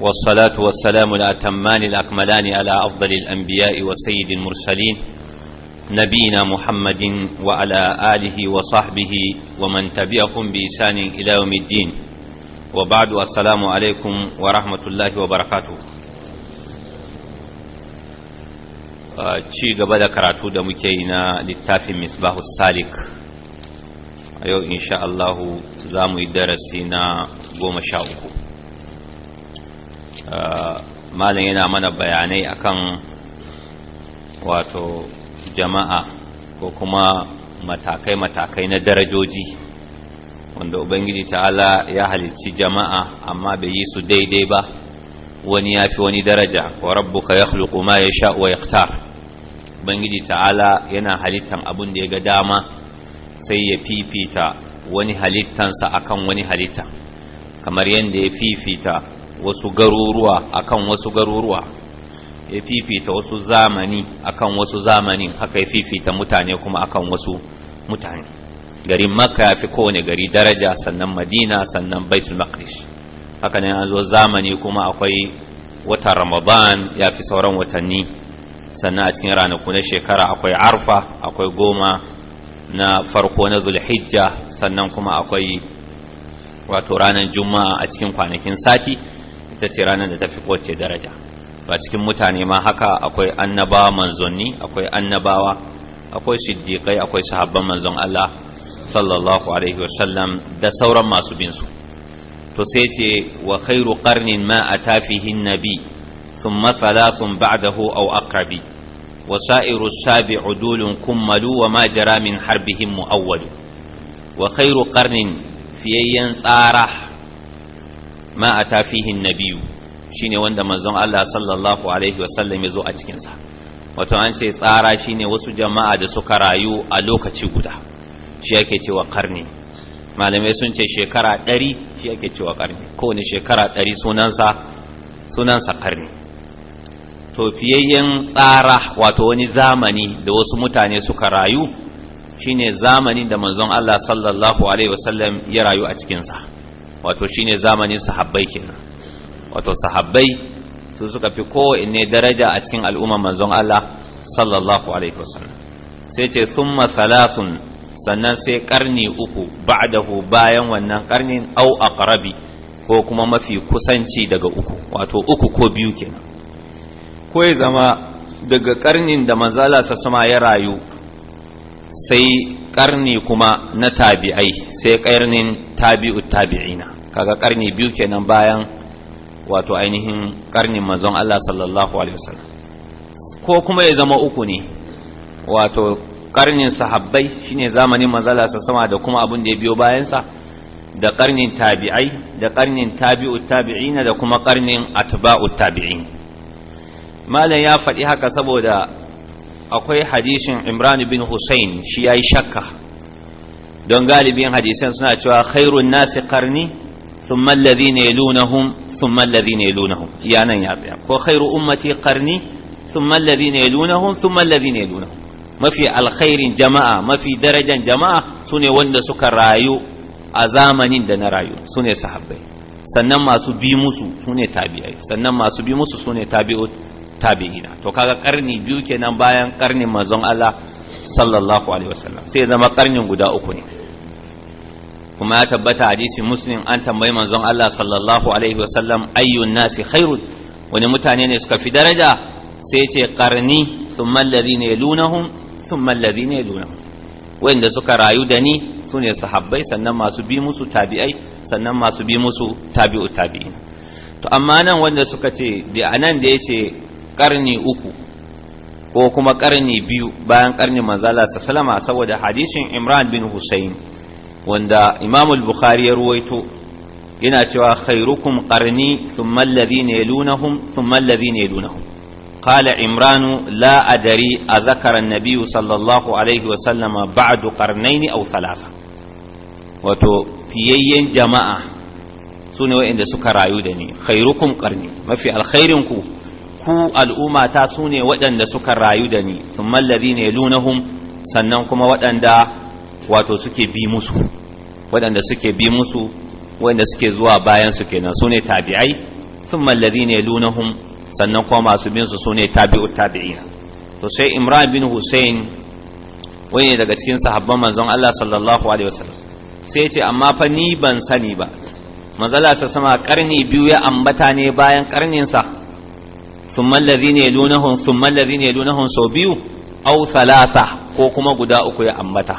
والصلاة والسلام الأتمان الأكملان على أفضل الأنبياء وسيد المرسلين نبينا محمد وعلى آله وصحبه ومن تبعهم بإسان إلى يوم الدين وبعد السلام عليكم ورحمة الله وبركاته ci بدا كراتو karatu da muke yi na littafin misbahu salik a yau insha Allahu malam yana mana bayanai akan wato jama'a ko kuma matakai-matakai na darajoji wanda ubangiji ta'ala ya halicci jama'a amma bai yi su daidai ba wani ya fi wani daraja wa rabbuka ya ma ya sha wa yaktar ubangiji ta'ala yana halittan abin da ya ga dama sai ya fifita wani halittansa akan wani halitta kamar yadda ya fifita wasu garuruwa akan wasu garuruwa ya fifita wasu zamani akan wasu zamani haka ya fifita mutane kuma akan wasu mutane garin makka ya fi kowane gari daraja sannan madina sannan baitul maqdis haka ne an zo zamani kuma akwai watan ramadan ya fi sauran watanni sannan a cikin ranaku na shekara akwai arfa akwai goma na farko na zulhijja sannan kuma akwai wato ranar juma'a a cikin kwanakin sati ita ce ranar da ta fi kowace daraja ba cikin mutane ma haka akwai annaba manzanni akwai annabawa akwai shiddiƙai, akwai sahabban manzon Allah sallallahu alaihi sallam da sauran masu bin su to sai ce wa khairu qarnin ma ata nabi thumma thalathun ba'dahu aw aqrabi wa sa'iru sabi udulun kummalu wa ma jara min harbihim muawwal wa khairu qarnin fiyayyan tsara ma a tafihin shi shine wanda manzon Allah sallallahu alaihi wasallam ya zo a cikinsa wato an ce tsara shine wasu jama'a da suka rayu a lokaci guda shi yake cewa karni malamai sun ce shekara ɗari shi yake cewa karni kowane shekara ɗari sunansa sunansa karni to fiyayyen tsara wato wani zamani da wasu mutane suka rayu shine zamanin da manzon Allah sallallahu alaihi wasallam ya rayu a cikinsa wato shine zamanin sahabbai kenan wato sahabbai su suka fi kowane daraja a cikin al'umma manzon Allah sallallahu alaihi wasallam sai ce thumma thalathun sannan sai karni uku ba'dahu bayan wannan karnin au aqrabi ko kuma mafi kusanci daga uku wato uku ko biyu kenan ko zama daga karnin da manzala sama ya rayu sai karni kuma na tabi'ai sai karnin tabi'u tabi'ina kaga karni biyu kenan bayan wato ainihin karnin manzon Allah sallallahu alaihi wasallam ko kuma ya zama uku ne wato karnin sahabbai shine zamanin manzala sa sama da kuma abin da ya biyo bayansa da karnin tabi'ai da karnin tabi'u tabi'ina da kuma karnin atba'u tabi'in malam ya faɗi haka saboda akwai hadisin imran bin hussein shi ya yi shakka don galibin hadisan suna cewa khairun nasi karni sun ثم الذين يلونهم ثم الذين يلونهم يا نن ya tsaya ko khairu ummati qarni thumma alladhina yalunahum thumma alladhina yalunahum mafi alkhairin jama'a mafi darajan jama'a su ne wanda suka rayu a zamanin da na rayu su ne sahabbai sannan masu bi musu su ne tabi'ai sannan masu bi musu su ne tabi'ut tabi'ina to kaga karni biyu kenan bayan karnin manzon Allah sallallahu alaihi wasallam sai zama karnin guda uku ne kuma ya tabbata hadisi muslim an tambayi manzon Allah sallallahu alaihi wasallam ayyun nasi khairun wani mutane ne suka fi daraja sai ya ce qarni thumma alladhina yalunahum thumma alladhina yalunahum wanda suka rayu da ni sune sahabbai sannan masu bi musu tabi'ai sannan masu bi musu tabi'u tabi'in to amma nan wanda suka ce bi anan da yace ƙarni uku ko kuma ƙarni biyu bayan karni manzala sallama saboda hadisin imran bin husayn wanda imamul al-bukhari ya ruwaito yana cewa khairukum qarni thumma alladhina yalunahum thumma alladhina yalunahum qala imran la adari a dhakara an-nabiy sallallahu alaihi wa sallama ba'du qarnayn aw wato fiyayyen jama'a sune wa'inda suka rayu da ni khairukum ƙarni mafi alkhairin ku ku al'umma ta su ne waɗanda suka rayu da ni thumma alladhina yalunahum sannan kuma waɗanda wato suke bi musu waɗanda suke bi musu waɗanda suke zuwa bayan su kenan su ne tabi'ai thumma alladhina yalunahum sannan kuma masu bin su su ne tabi'ut tabi'ina to sai imran bin hussein wani ne daga cikin sahabban manzon Allah sallallahu alaihi wasallam sai ya ce amma fa ni ban sani ba manzala sa sama karni biyu ya ambata ne bayan karninsa sa ثم الذين يلونهم ثم الذين يلونهم sau biyu او ثلاثه ko kuma guda uku ya ammata.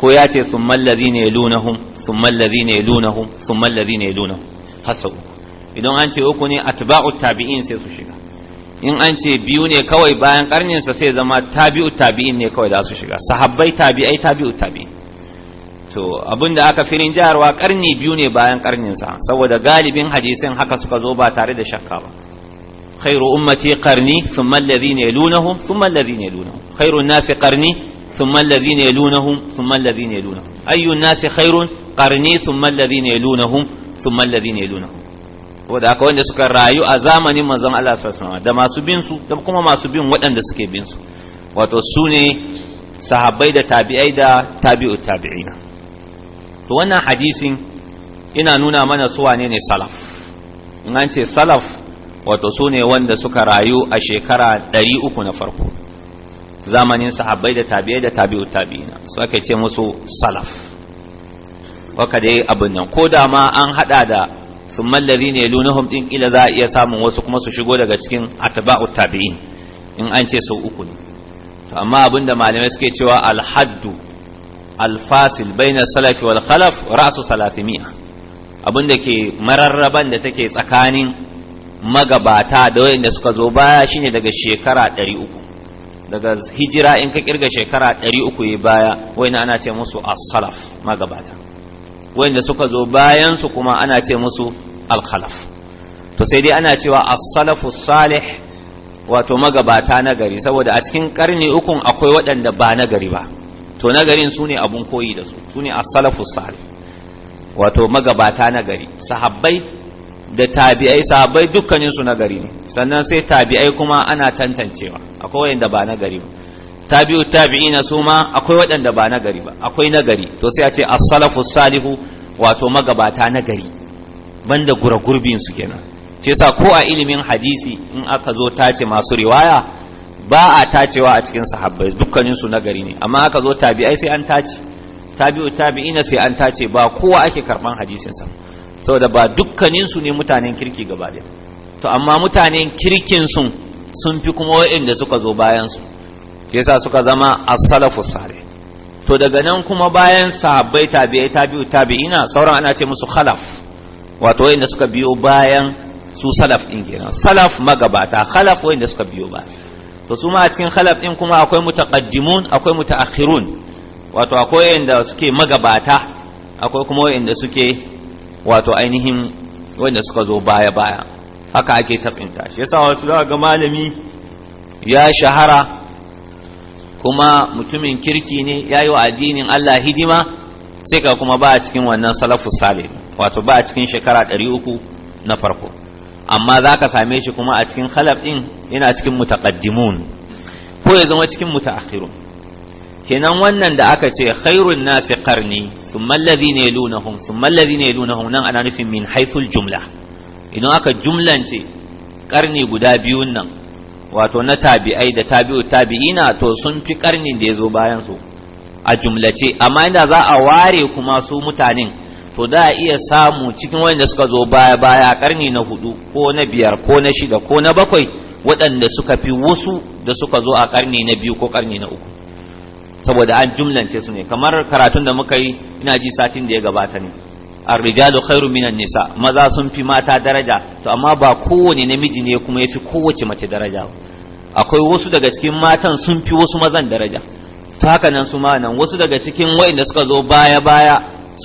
ko ya ce الذين يلونهم ثم الذين يلونهم ثم الذين يلونهم yalunahum idan an ce uku ne atba'u tabi'in sai su shiga in an ce biyu ne kawai bayan karnin sa sai zama tabi'u tabi'in ne kawai za su shiga sahabbai tabi'ai tabi'u tabi'in to abinda aka firin jiharwa karni biyu ne bayan karnin sa saboda galibin hadisin haka suka zo ba tare da shakka ba khairu ummati qarni thumma alladhina yalunahum thumma alladhina yalunahum khairu an-nasi qarni thumma alladhina yalunahum thumma alladhina yalunahum ayyu an-nasi khairun qarni thumma alladhina yalunahum thumma alladhina yalunahum wanda aka wanda suka rayu a zamanin manzon Allah da masu bin su kuma masu bin waɗanda suke bin su wato su ne sahabbai da tabi'ai da tabi'ut tabi'ina to wannan hadisin ina nuna mana su wane ne salaf in an ce salaf wato su ne wanda suka rayu a shekara ɗari uku na farko zamanin sahabbai da tabi'ai da tabi'ut tabi'ina su ake ce musu salaf waka dai abin nan ko da ma an hada da mallari ne lunahum ɗin ila za iya samun wasu kuma su shigo daga cikin atba'ut tabi'in in an ce sau uku ne to amma da malamai suke cewa alhaddu alfasil bai na baina salafi wal khalaf ra'su abin da ke mararraban da take tsakanin magabata da wayanda suka zo baya shine daga shekara 300 daga hijira in ka kirga shekara 300 ya baya wayanda ana ce musu as-salaf magabata wayanda suka zo bayan su kuma ana ce musu al-khalaf to sai dai ana cewa as-salafu salih wato magabata na gari saboda a cikin karni ukun akwai waɗanda ba na gari ba to na garin su ne abun koyi da su su ne as-salafu salih wato magabata na gari sahabbai da tabi'ai sahabbai dukkanin su na ne sannan sai tabi'ai kuma ana tantancewa akwai wanda ba na ba tabi'u tabi'ina su ma akwai waɗanda ba na gari ba akwai nagari gari to sai a ce as-salafu salihu wato magabata nagari gari banda gura gurbin su kenan ke sa ko a ilimin hadisi in aka zo tace masu riwaya ba a tacewa a cikin sahabbai dukkanin su na ne amma aka zo tabi'ai sai an tace tabi'u tabi'ina sai an tace ba kowa ake karban hadisin sa saboda ba dukkaninsu ne mutanen kirki gaba ɗaya to amma mutanen kirkin sun sun fi kuma waɗanda suka zo bayan su yasa suka zama as-salafu sare to daga nan kuma bayan sahabbai tabi'ai tabi'u tabi'ina sauran ana ce musu khalaf wato waɗanda suka biyo bayan su salaf din kenan salaf magabata khalaf waɗanda suka biyo ba to su ma a cikin khalaf din kuma akwai mutaqaddimun akwai mutaakhirun wato akwai waɗanda suke magabata akwai kuma waɗanda suke wato ainihin wanda suka zo baya baya haka ake tafinta shi yasa wasu za ga malami ya shahara kuma mutumin kirki ne ya yi wa addinin Allah hidima sai ka kuma ba a cikin wannan salafu salih wato ba a cikin shekara ɗari uku na farko amma za ka same shi kuma a cikin khalaf ɗin yana cikin mutaqaddimun ko ya zama cikin mutaakhirun kenan wannan da aka ce khairun nasi qarni thumma alladhina yalunhum thumma alladhina yalunhum nan ana nufin min haythul jumla idan aka jumlance karni guda biyun nan wato na tabi'ai da tabi'u tabi'ina to sun fi karnin da yazo bayan su a jumlace amma inda za a ware kuma su mutanen to da a iya samu cikin wanda suka zo baya baya karni na hudu ko na biyar ko na shida ko na bakwai waɗanda suka fi wasu da suka zo a karni na biyu ko karni na uku saboda an jumlance su ne kamar karatun da muka yi ina ji satin da ya gabata ne ar-rijalu khairu minan nisa maza sun fi mata daraja to amma ba kowane namiji ne kuma yafi kowace mace daraja akwai wasu daga cikin matan sun fi wasu mazan daraja ta haka nan su nan wasu daga cikin wa'inda suka zo baya baya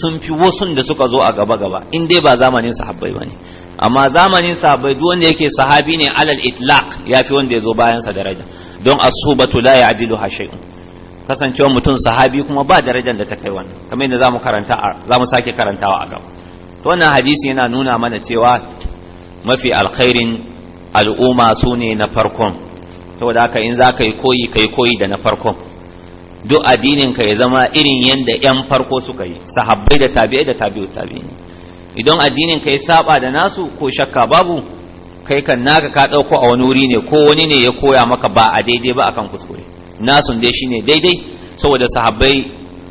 sun fi wasu da suka zo a gaba gaba in dai ba zamanin sahabbai bane amma zamanin sahabbai duk wanda yake sahabi ne alal itlaq yafi wanda ya zo bayansa daraja don asubatu la ya'dilu shay'un kasancewa mutum sahabi kuma ba darajar da ta kai wannan kamar yadda zamu karanta zamu sake karantawa a gaba to wannan hadisi yana nuna mana cewa mafi alkhairin al'umma sune na farkon saboda haka in za ka yi koyi ka yi koyi da na farkon duk addinin ka ya zama irin yadda yan farko suka yi sahabbai da tabi'ai da tabi'u tabi'i idan addinin ka ya saba da nasu ko shakka babu kai kan naka ka dauko a wani wuri ne ko wani ne ya koya maka ba a daidai ba akan kuskure nasun dai shine daidai saboda sahabbai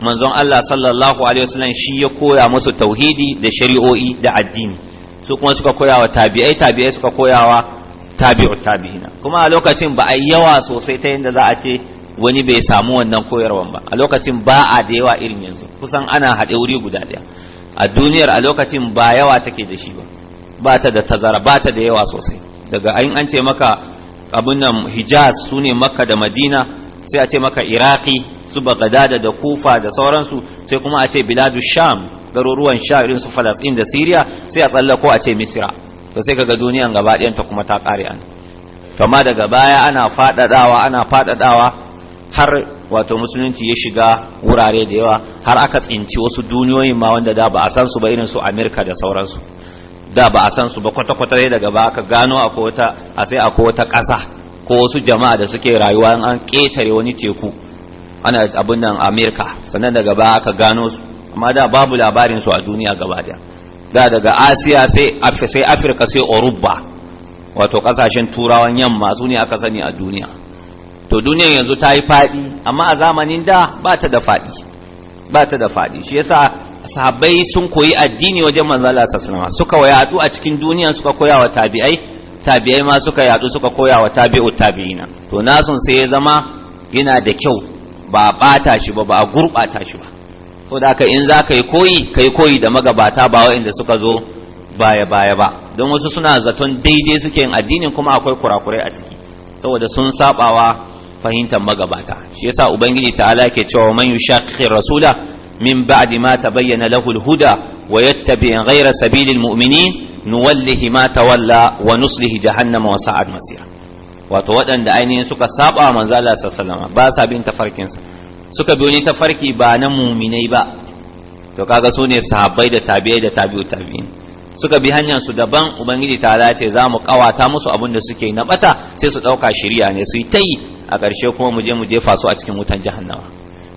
manzon Allah sallallahu alaihi wasallam shi ya koya musu tauhidi da shari'o'i da addini su kuma suka koya wa tabi'ai tabi'ai suka koya wa tabi'u tabi'ina kuma a lokacin ba a yi yawa sosai ta yadda za a ce wani bai samu wannan koyarwan ba a lokacin ba a da yawa irin yanzu kusan ana haɗe wuri guda ɗaya a duniyar a lokacin ba yawa take da shi ba ba ta da tazara ba ta da yawa sosai daga an ce maka abin nan hijaz su ne makka da madina sai a ce maka iraki su gada da da kufa da sauransu sai kuma a ce biladu sham garuruwan sha irin su falasɗin da siriya sai a tsallako a ce misira to sai kaga duniyan gaba ta kuma ta ƙare an amma daga baya ana faɗaɗawa ana faɗaɗawa har wato musulunci ya shiga wurare da yawa har aka tsinci wasu duniyoyin ma wanda da ba a san su ba irin su amerika da sauransu da ba a san su ba kwata-kwata daga ba aka gano a sai akwai wata ƙasa ko wasu jama'a da suke rayuwa an ƙetare wani teku ana abin nan amerika sannan daga ba aka gano su amma da babu labarin su a duniya gaba daya da daga asiya sai afirka sai oruba wato kasashen turawan yamma su ne aka sani a duniya to duniyan yanzu ta yi faɗi amma a zamanin da ba ta da faɗi ba ta da faɗi shi yasa sahabbai sun koyi addini wajen manzala sassanawa suka wayatu a cikin duniya suka koya wa tabi'ai tabi'ai ma suka yadu suka koya wa tabi'u tabi'ina to nasun sai ya zama yana da kyau ba a bata shi ba ba a gurɓata shi ba to da ka in za ka yi koyi ka yi koyi da magabata ba waɗanda suka zo baya baya ba don wasu suna zaton daidai suke yin addinin kuma akwai kurakurai a ciki saboda sun sabawa fahimtar magabata shi yasa ubangiji ta'ala yake cewa man yushaqqir rasula min ba'di ma tabayyana lahu al-huda wa yattabi' ghayra sabilil mu'minin nuwallihi ma tawalla wa nuslihi jahannama wa sa'ad masira wato waɗanda ainihin suka saba manzo Allah sallallahu ba sa bin tafarkin sa suka bi wani tafarki ba na muminai ba to kaga su ne sahabbai da tabi'ai da tabi'u tabi'in suka bi hanyar su daban ubangiji ta ce za mu kawata musu abin da suke na bata sai su ɗauka shirya ne su yi ta a ƙarshe kuma mu je mu jefa su a cikin wutan jahannama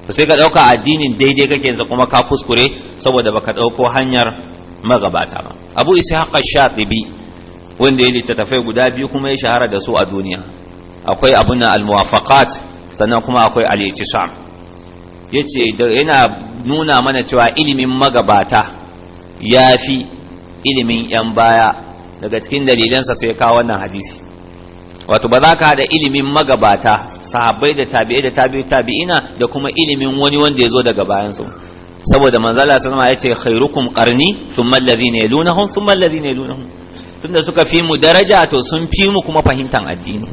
to sai ka ɗauka addinin daidai kake yanzu kuma ka kuskure saboda baka ɗauko hanyar magabata ba abu sha shatibi wanda ya tafai guda biyu kuma ya shahara da su a duniya akwai abun al-muwafaqat sannan kuma akwai al-ittisam yace yana nuna mana cewa ilimin magabata yafi ilimin yan baya daga cikin dalilansa sai kawo wannan hadisi wato ba za ka haɗa ilimin magabata sahabbai da tabi'ai da tabi'ina da kuma ilimin wani wanda ya zo daga bayansu saboda manzala sallama ya ce khairukum qarni thumma alladhina yalunahum thumma alladhina yalunahum tunda suka fi mu daraja to sun fi mu kuma fahimtan addini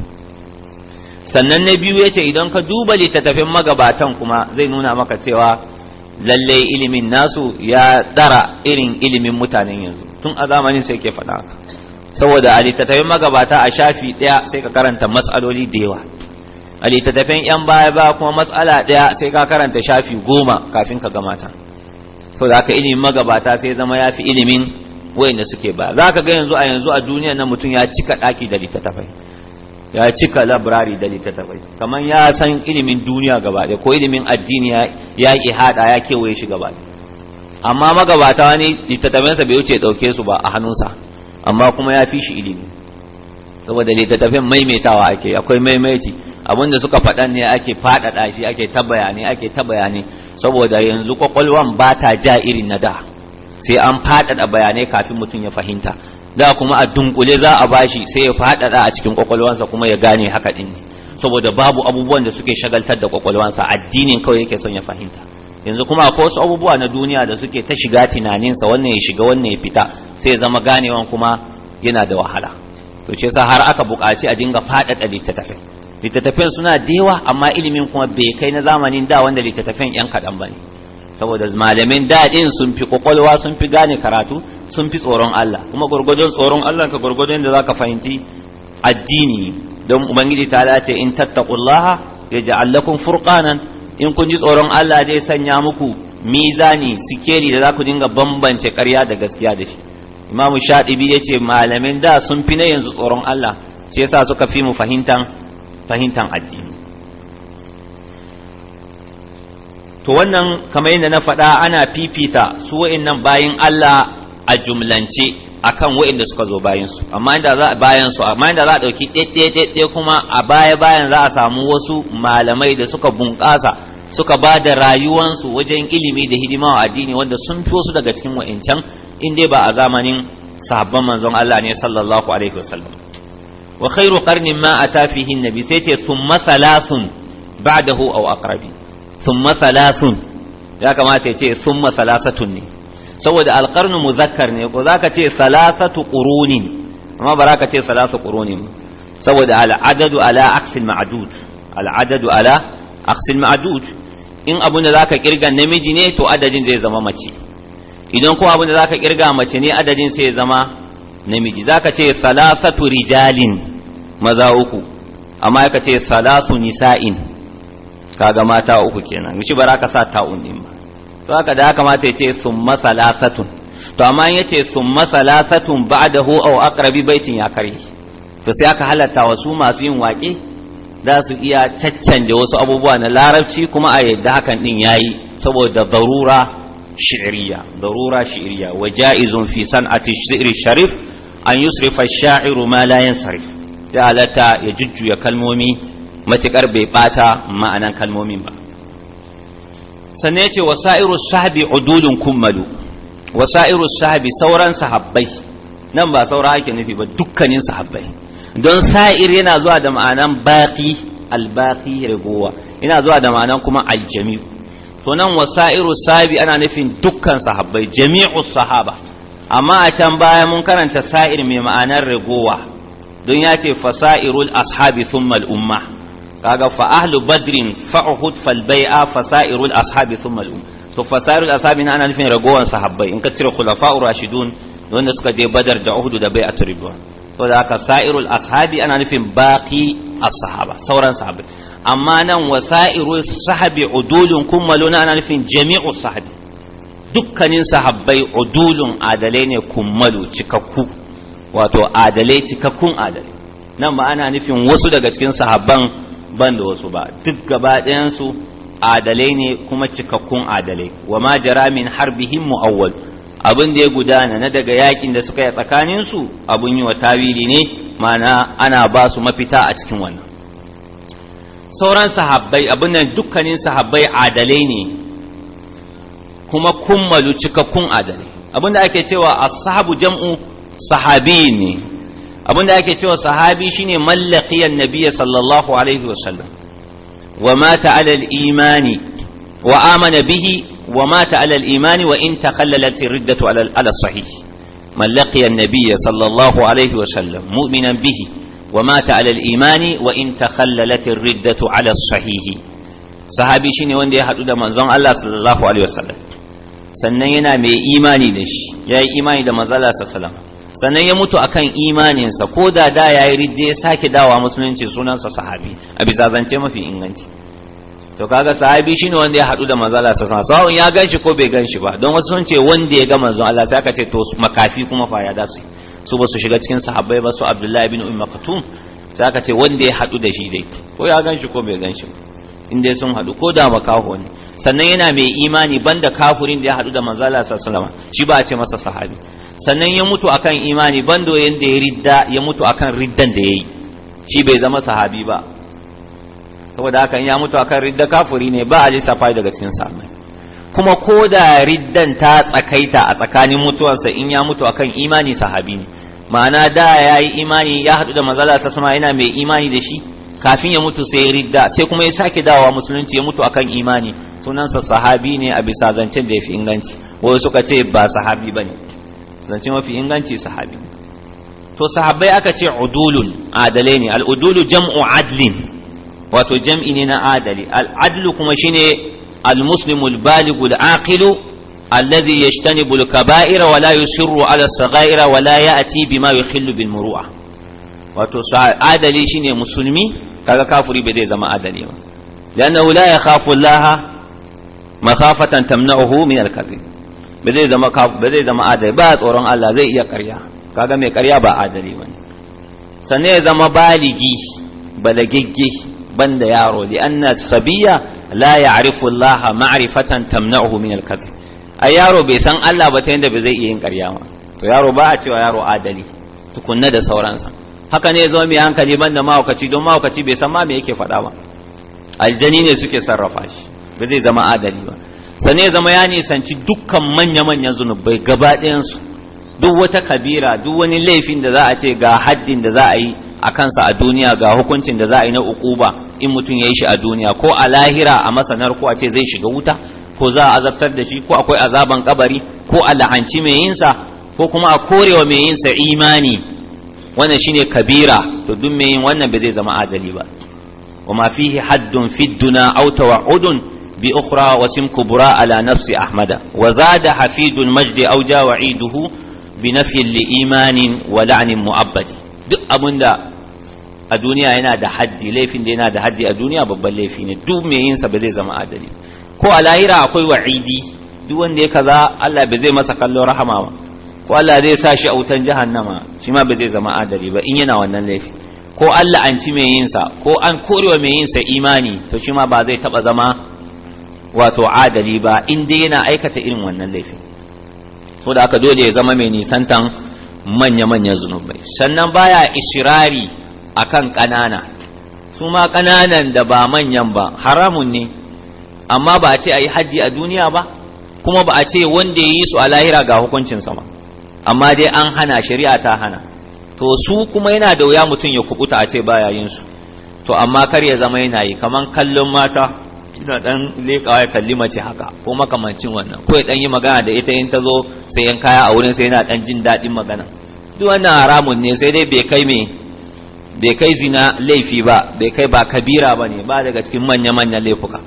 sannan na biyu yace idan ka duba littattafin magabatan kuma zai nuna maka cewa lalle ilimin nasu ya dara irin ilimin mutanen yanzu tun a zamanin sai ke faɗa saboda a littattafin magabata a shafi ɗaya sai ka karanta matsaloli da yawa a littattafan yan baya ba kuma matsala ɗaya sai ka karanta shafi goma kafin ka gama ta so da ka ilimin magabata sai zama ya fi ilimin wayanda suke ba za ka ga yanzu a yanzu a duniya na mutum ya cika ɗaki da littattafai ya cika labrari da littattafai kamar ya san ilimin duniya gaba ɗaya ko ilimin addini ya yi haɗa ya kewaye shi gaba amma magabata wani littattafansa bai wuce ɗauke su ba a hannunsa amma kuma ya fi shi ilimi saboda littattafin maimaitawa ake akwai maimaici abinda suka faɗan ne ake faɗaɗa shi ake ta bayani ake ta bayani saboda yanzu kwakwalwan ba ta ja irin na da sai an faɗaɗa bayanai kafin mutum ya fahimta da kuma a dunkule za a bashi sai ya faɗaɗa a cikin kwakwalwansa kuma ya gane haka ɗin ne saboda babu abubuwan da suke shagaltar da kwakwalwansa addinin kawai yake son ya fahimta yanzu kuma akwai wasu abubuwa na duniya da suke ta shiga tunaninsa wannan ya shiga wannan ya fita sai ya zama ganewan kuma yana da wahala to ce sa har aka buƙaci a dinga faɗaɗa littattafai littattafan suna dewa amma ilimin kuma bai kai na zamanin da wanda littattafan yan kaɗan ba ne saboda malamin daɗin sun fi kwakwalwa sun fi gane karatu sun fi tsoron Allah kuma gwargwadon tsoron Allah ka gwargwadon da zaka fahimci addini don ubangiji ta ce in tattaqullaha yaj'al lakum furqanan in kun ji tsoron Allah zai sanya muku mizani sikeli da za ku dinga bambance ƙarya da gaskiya da shi imamu shadibi ya ce malamin da sun fi na yanzu tsoron Allah shi yasa suka fi mu fahimtan fahimtan addini to wannan kamar yadda na faɗa ana fifita su wa'annan bayin Allah a jumlance akan wa'anda suka zo bayan su amma inda za a bayan su amma inda za a dauki ɗaiɗaiɗaiɗai kuma a baya bayan za a samu wasu malamai da suka bunƙasa suka ba da rayuwansu wajen ilimi da hidima wa addini wanda sun fi wasu daga cikin wa'ancan in dai ba a zamanin sahabban manzon Allah ne sallallahu alaihi wasallam wa khairu qarnin ma ata fihi annabi sai ce thumma thalathun ba'dahu aw aqrabi thumma thalathun ya kamata ya ce thumma thalathatun ne saboda alqarnu muzakkar ne ko zaka ce thalathatu qurunin amma ba zaka ce thalathu qurunin saboda al'adadu ala aqsil ma'dud al'adadu ala aqsil ma'dud in abun da zaka kirga namiji ne to adadin zai zama mace idan kuma abin da zaka kirga mace ne adadin sai ya zama namiji zaka ce salasatu rijalin maza uku amma ka ce salasu nisa'in kaga mata uku kenan mishi ba ka sa ta'un ɗin ba to haka da kamata ya ce summa salasatun to amma in yace summa salasatun ba'dahu aw aqrabi baitin ya kare to sai aka halatta wasu masu yin waƙe za su iya caccanje wasu abubuwa na larabci kuma a yadda hakan din yayi saboda zarura shi'riya darura shi'riya wa ja'izun fi san'ati shi'ri sharif an yusrifa sha'iru ma la yansarif ya ya jujjuya kalmomi matukar bai bata ma'anan kalmomin ba sannan yace wasairu sahabi udulun kummalu wasairu sahabi sauran sahabbai nan ba saura ake nufi ba dukkanin sahabbai don sa'ir yana zuwa da ma'anan baqi albaqi ragowa yana zuwa da ma'anan kuma aljami'u to nan wasa'iru sabi ana nufin dukkan sahabbai jami'u sahaba amma a can baya mun karanta sa'ir mai ma'anar ragowa don ya ce fasa'irul ashabi thumma al'umma kaga fa ahlu badrin fa uhud fal bai'a fasa'irul ashabi thumma al'umma to fasa'irul ashabi ana nufin ragowan sahabbai in ka cire khulafa'ur rashidun wanda suka je badar da uhud da bai'atul ridwan to da aka sa'irul ashabi ana nufin baki as-sahaba sauran sahabi. amma nan wa sa'irul sahabi udulun kummaluna ana nufin jami'u sahabi dukkanin sahabbai udulun adalai ne kummalu cikakku wato adalai cikakkun adalai nan ba ana nufin wasu daga cikin sahabban ban da wasu ba duk gaba ɗayansu adalai ne kuma cikakkun adalai wa ma jara min harbihim mu'awwal abin da ya gudana na daga yakin da suka yi tsakanin su abun yi wa tawili ne mana ana ba su mafita a cikin wannan sauran sahabbai abin nan dukkanin sahabbai adalai ne kuma kummalu cikakkun adalai abin da ake cewa ashabu jam'u sahabi ne abin da ake cewa sahabi shine mallaqiyan nabiyyi sallallahu alaihi wa mata alal imani wa amana bihi wa mata alal imani wa in takhallalat riddatu ala sahih man laqiya sallallahu alaihi wa sallam mu'minan bihi wa alal imani wa in takhallalat riddatu ala sahih sahabi shine wanda ya haɗu da manzon Allah sallallahu alaihi sannan yana mai imani da shi yi imani da manzon Allah sannan ya mutu akan imaninsa ko da da yayi ridda ya sake dawa musulunci sunansa sahabi a bisa zance mafi inganci to kaga sahabi shine wanda ya hadu da manzo Allah sallallahu alaihi wasallam ya ganshi ko bai ganshi ba don wasu sun ce wanda ya ga manzo Allah sai aka ce to makafi kuma fa ya dasu su ba su shiga cikin sahabbai ba su Abdullahi ibn Umm Maktum sai aka ce wanda ya hadu da shi dai ko ya ganshi ko bai ganshi ba in dai sun hadu ko da makaho ne sannan yana mai imani banda kafirin da ya hadu da manzo Allah sallallahu alaihi wasallam shi ba a ce masa sahabi sannan ya mutu akan imani bando yanda ya ridda ya mutu akan riddan da yayi shi bai zama sahabi ba saboda haka in ya mutu akan ridda kafuri ne ba a lissafa daga cikin sahabbai kuma ko da riddan ta tsakaita a tsakanin mutuwansa in ya mutu akan imani sahabi ne ma'ana da ya yi imani ya haɗu da mazala sa sama yana mai imani da shi kafin ya mutu sai ya ridda sai kuma ya sake dawowa musulunci ya mutu akan imani sunansa sahabi ne a bisa zancen da ya fi inganci wai suka ce ba sahabi ba ne zancen mafi inganci sahabi to sahabbai aka ce udulun adalai ne al'udulu jam'u adlin wato jam'i ne na adali al'adlu kuma shine al-muslimu al-balighu al-aqilu alladhi yajtanibu al-kaba'ira wa la yusirru ala as-saghaira wa la ya'ti bima yukhillu bil muru'a wato adali shine musulmi zai zama adali ba لأنه لا يخاف الله مخافة تمنعه من الكذب بدي زما كاف بدي زما عدل باز أوران الله زي يا كذا مي كريا با عدلي وني سنة زما بالغي بلغيجي da yaro li anna sabiya la ya'rifu Allah ma'rifatan tamna'uhu min al-kadhib ai yaro bai san Allah ba ta yanda bai zai iya yin ƙarya ma to yaro ba a cewa yaro adali tukunna da sauransa haka ne zo mai hankali banda mahaukaci don mahaukaci bai san ma me yake faɗa ba aljani ne suke sarrafa shi ba zai zama adali ba sane ya zama ya nisanci dukkan manya-manyan zunubai gaba ɗayansu duk wata kabira duk wani laifin da za a ce ga haddin da za a yi a kansa a duniya ga hukuncin da za a yi na ukuba in mutum ya yi shi a duniya ko a lahira a masanar ko a ce zai shiga wuta ko za a azabtar da shi ko akwai azaban kabari ko a la'anci mai yinsa ko kuma a korewa mai yinsa imani wannan shine kabira to duk mai yin wannan ba zai zama adali ba wa ma fihi haddun fidduna aw tawa'udun bi ukhra wa sim kubra ala nafsi ahmada wa zada hafidun majdi aw jawa'iduhu bi nafyin li imanin wa la'nin mu'abbadi duk abinda a duniya yana da haddi laifin da yana da haddi a duniya babban laifi ne duk mai yinsa ba zai zama adali ko a lahira akwai wa'idi duk wanda ya kaza Allah ba zai masa kallon rahama ba ko Allah zai sa shi a wutan jahannama shi ma ba zai zama adali ba in yana wannan laifi ko Allah an ci mai yinsa ko an korewa mai yinsa imani to shi ma ba zai taba zama wato adali ba in dai yana aikata irin wannan laifin ko da aka dole ya zama mai nisantan manya-manyan zunubai sannan baya ishirari akan ƙanana su ma kananan da ba manyan ba haramun ne amma ba a ce a yi haddi a duniya ba kuma ba a ce wanda ya yi su a lahira ga hukuncin sama amma dai an hana shari'a ta hana to su kuma yana da wuya mutum ya kubuta a ce baya yin su to amma kar ya zama yana yi kaman kallon mata ina dan lekawa ya kalli mace haka ko makamancin wannan ko ya dan yi magana da ita in ta zo sai sayan kaya a wurin sai yana dan jin daɗin magana duk wannan haramun ne sai dai bai kai me bai kai zina laifi ba bai kai ba kabira ba ne ba daga cikin manya-manyan laifuka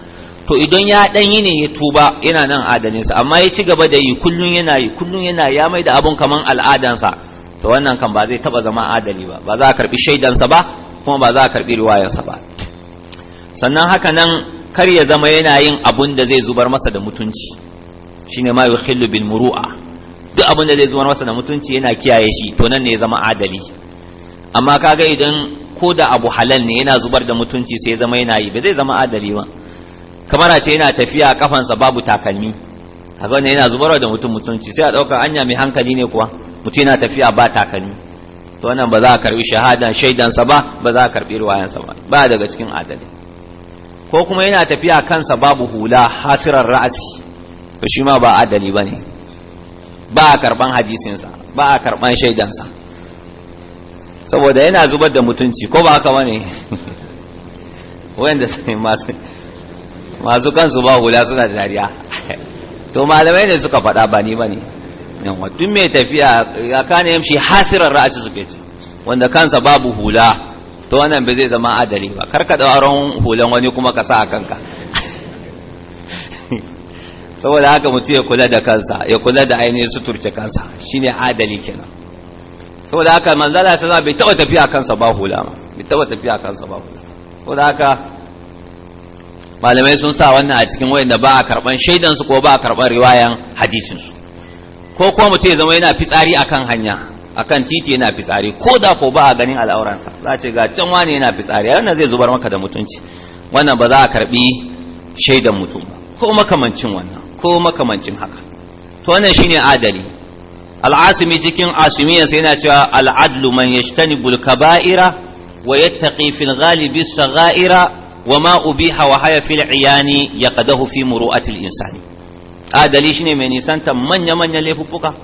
to idan ya dan yi ne ya tuba yana nan adalinsa amma ya ci gaba da yi kullun yana yi kullun yana ya mai da abun kaman al'adansa to wannan kan ba zai taba zama adali ba ba za a karbi shaidansa ba kuma ba za a karbi riwayarsa ba sannan haka nan kar ya zama yana yin abun da zai zubar masa da mutunci shine ma yukhillu bil muru'a duk abun da zai zubar masa da mutunci yana kiyaye shi to nan ne ya zama adali amma kaga idan ko da abu halal ne yana zubar da mutunci sai zama yana yi ba zai zama adali ba kamar a ce yana tafiya kafansa babu takalmi kaga wannan yana zubarwa da mutum mutunci sai a ɗauka anya mai hankali ne kuwa mutum yana tafiya ba takalmi to wannan ba za a karbi shahadan shaidansa ba ba za a karbi ruwayansa ba ba daga cikin adali ko kuma yana tafiya kansa babu hula hasirar ra'asi to shi ma ba adali bane ba a karban hadisinsa ba a karban shaidansa saboda yana zubar da mutunci ko ba haka ne wanda sai masu kansu ba hula suna da dariya to malamai ne suka faɗa ba ni ba ne duk mai tafiya ya kane yamshi hasirar ra'asi ke ci wanda kansa babu hula to wannan bai zai zama adali ba kar ka dauron hulan wani kuma ka sa a kanka saboda haka mutum ya kula da kansa ya kula da ainihin suturce kansa shine adali kenan saboda haka manzala ya sanar bai taba tafiya kansa ba hula ma bai taba tafiya kansa ba hula saboda haka malamai sun sa wannan a cikin wayanda ba a karban shaidan su ko ba a karban riwayan hadisin su ko kuma mutum ya zama yana fitsari akan hanya akan titi yana fitsari ko da ko ba a ganin al'auransa za ce ga can wani yana fitsari wannan zai zubar maka da mutunci wannan ba za a karbi shaidan mutum ba ko makamancin wannan ko makamancin haka to wannan shine adali al'asimi cikin asimiyar sai yana cewa al'adlu man yajtanibul kaba'ira wa taƙi fil sa saghaira wa ma ubiha haya fil iyani yaqadahu fi muru'atil insani adali shi ne mai nisantar manya manyan laifuffuka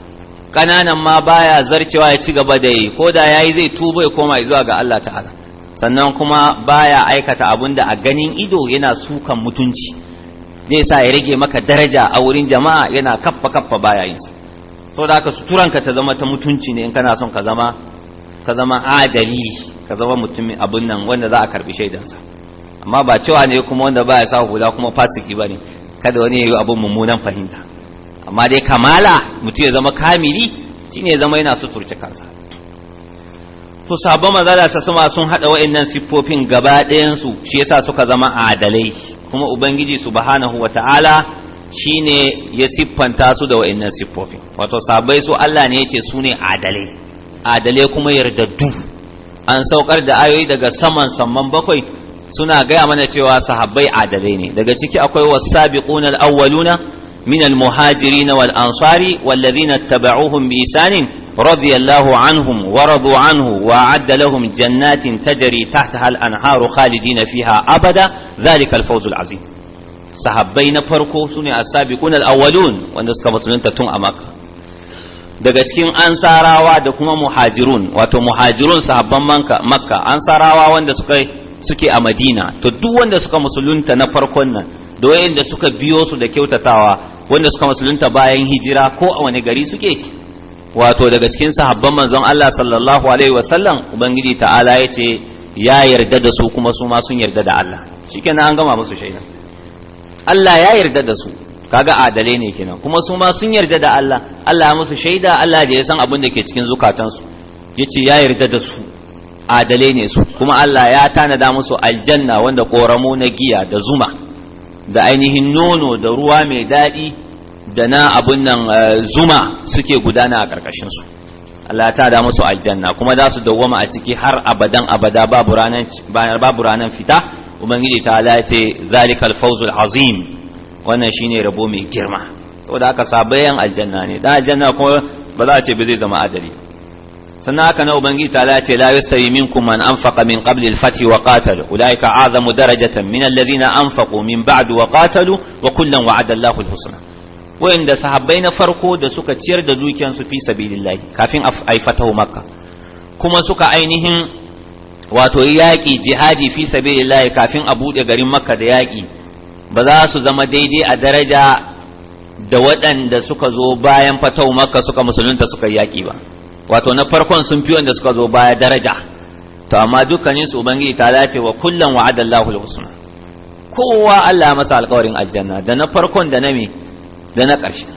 kananan ma baya zarcewa ya ci gaba da yi ko da ya yi zai tuba ya koma zuwa ga Allah ta'ala sannan kuma baya aikata abun da a ganin ido yana sukan mutunci zai sa ya rage maka daraja a wurin jama'a yana kaffa kaffa baya yinsa saboda suturan ka ta zama ta mutunci ne in kana son ka zama ka zama adali ka zama mutumin abin nan wanda za a karbi shaidansa amma ba cewa ne kuma wanda ba ya sa hula kuma fasiki ba ne kada wani yayi abin mummunan fahimta amma dai kamala mutum ya zama kamili shine ya zama yana suturce kansa to sabon maza da sa sun hada wa'annan siffofin gaba ɗayan su shi yasa suka zama adalai kuma ubangiji subhanahu wata'ala shine ya siffanta su da wa'annan siffofi wato sabai su Allah ne yace su ne adalai adalai kuma yardaddu an saukar da ayoyi daga saman samman bakwai suna gaya mana cewa sahabbai adalai ne daga ciki akwai wasabiquna alawwaluna min almuhajirin wal ansari wallazina ittaba'uhum bi isanin radiyallahu anhum wa radu anhu wa adda lahum jannatin tajri tahtaha al anharu khalidina fiha abada dhalika al fawzul azim sahabbai na farko sune as-sabiqun al-awwalun wanda suka musulunta tun a makka daga cikin ansarawa da kuma muhajirun wato muhajirun sahabban makka ansarawa wanda suka suke a madina to duk wanda suka musulunta na farkon nan da wayanda suka biyo su da kyautatawa wanda suka musulunta bayan hijira ko a wani gari suke wato daga cikin sahabban manzon Allah sallallahu alaihi wasallam ubangiji ta'ala ya ce ya yarda da su kuma su ma sun yarda da Allah shikenan an gama musu shaidan Allah ya yarda da su kaga adale ne kenan kuma su ma sun yarda da Allah Allah ya musu shaida Allah da ya san abin da ke cikin zukatansu yace ya yarda da su adale ne su kuma Allah ya tanada musu aljanna wanda koramo na giya da zuma da ainihin nono da ruwa mai daɗi da na abun nan eh, zuma suke gudana a ƙarƙashin su Allah ta da musu aljanna kuma za su dawwama a ciki har abadan abada babu ranan babu ranan fita ubangiji ta ala ce zalikal fawzul azim wannan shine rabo mai girma saboda aka sabayan aljanna ne da aljanna kuma ba za a ce ba zai zama adali sannan haka na ubangiji ta lace la yastawi minkum man anfaqa min qabli al wa qatal ulaika azamu darajatan min alladhina anfaqu min ba'du wa qatalu wa kullan wa'ada Allahu al-husna wa'inda sahabbai na farko da suka ciyar da dukiyansu fi sabilillahi kafin a fatahu makka kuma suka ainihin wato yaƙi jihadi fi lillahi kafin a buɗe garin makka da yaƙi ba za su zama daidai a daraja da waɗanda suka zo bayan fatau makka suka musulunta suka yaƙi ba wato na farkon sun fi wanda suka zo baya daraja to amma dukkanin su ubangiji ta dace wa kullum wa'adallahu alhusna kowa Allah masa alƙawarin aljanna da na farkon da na me da na ƙarshe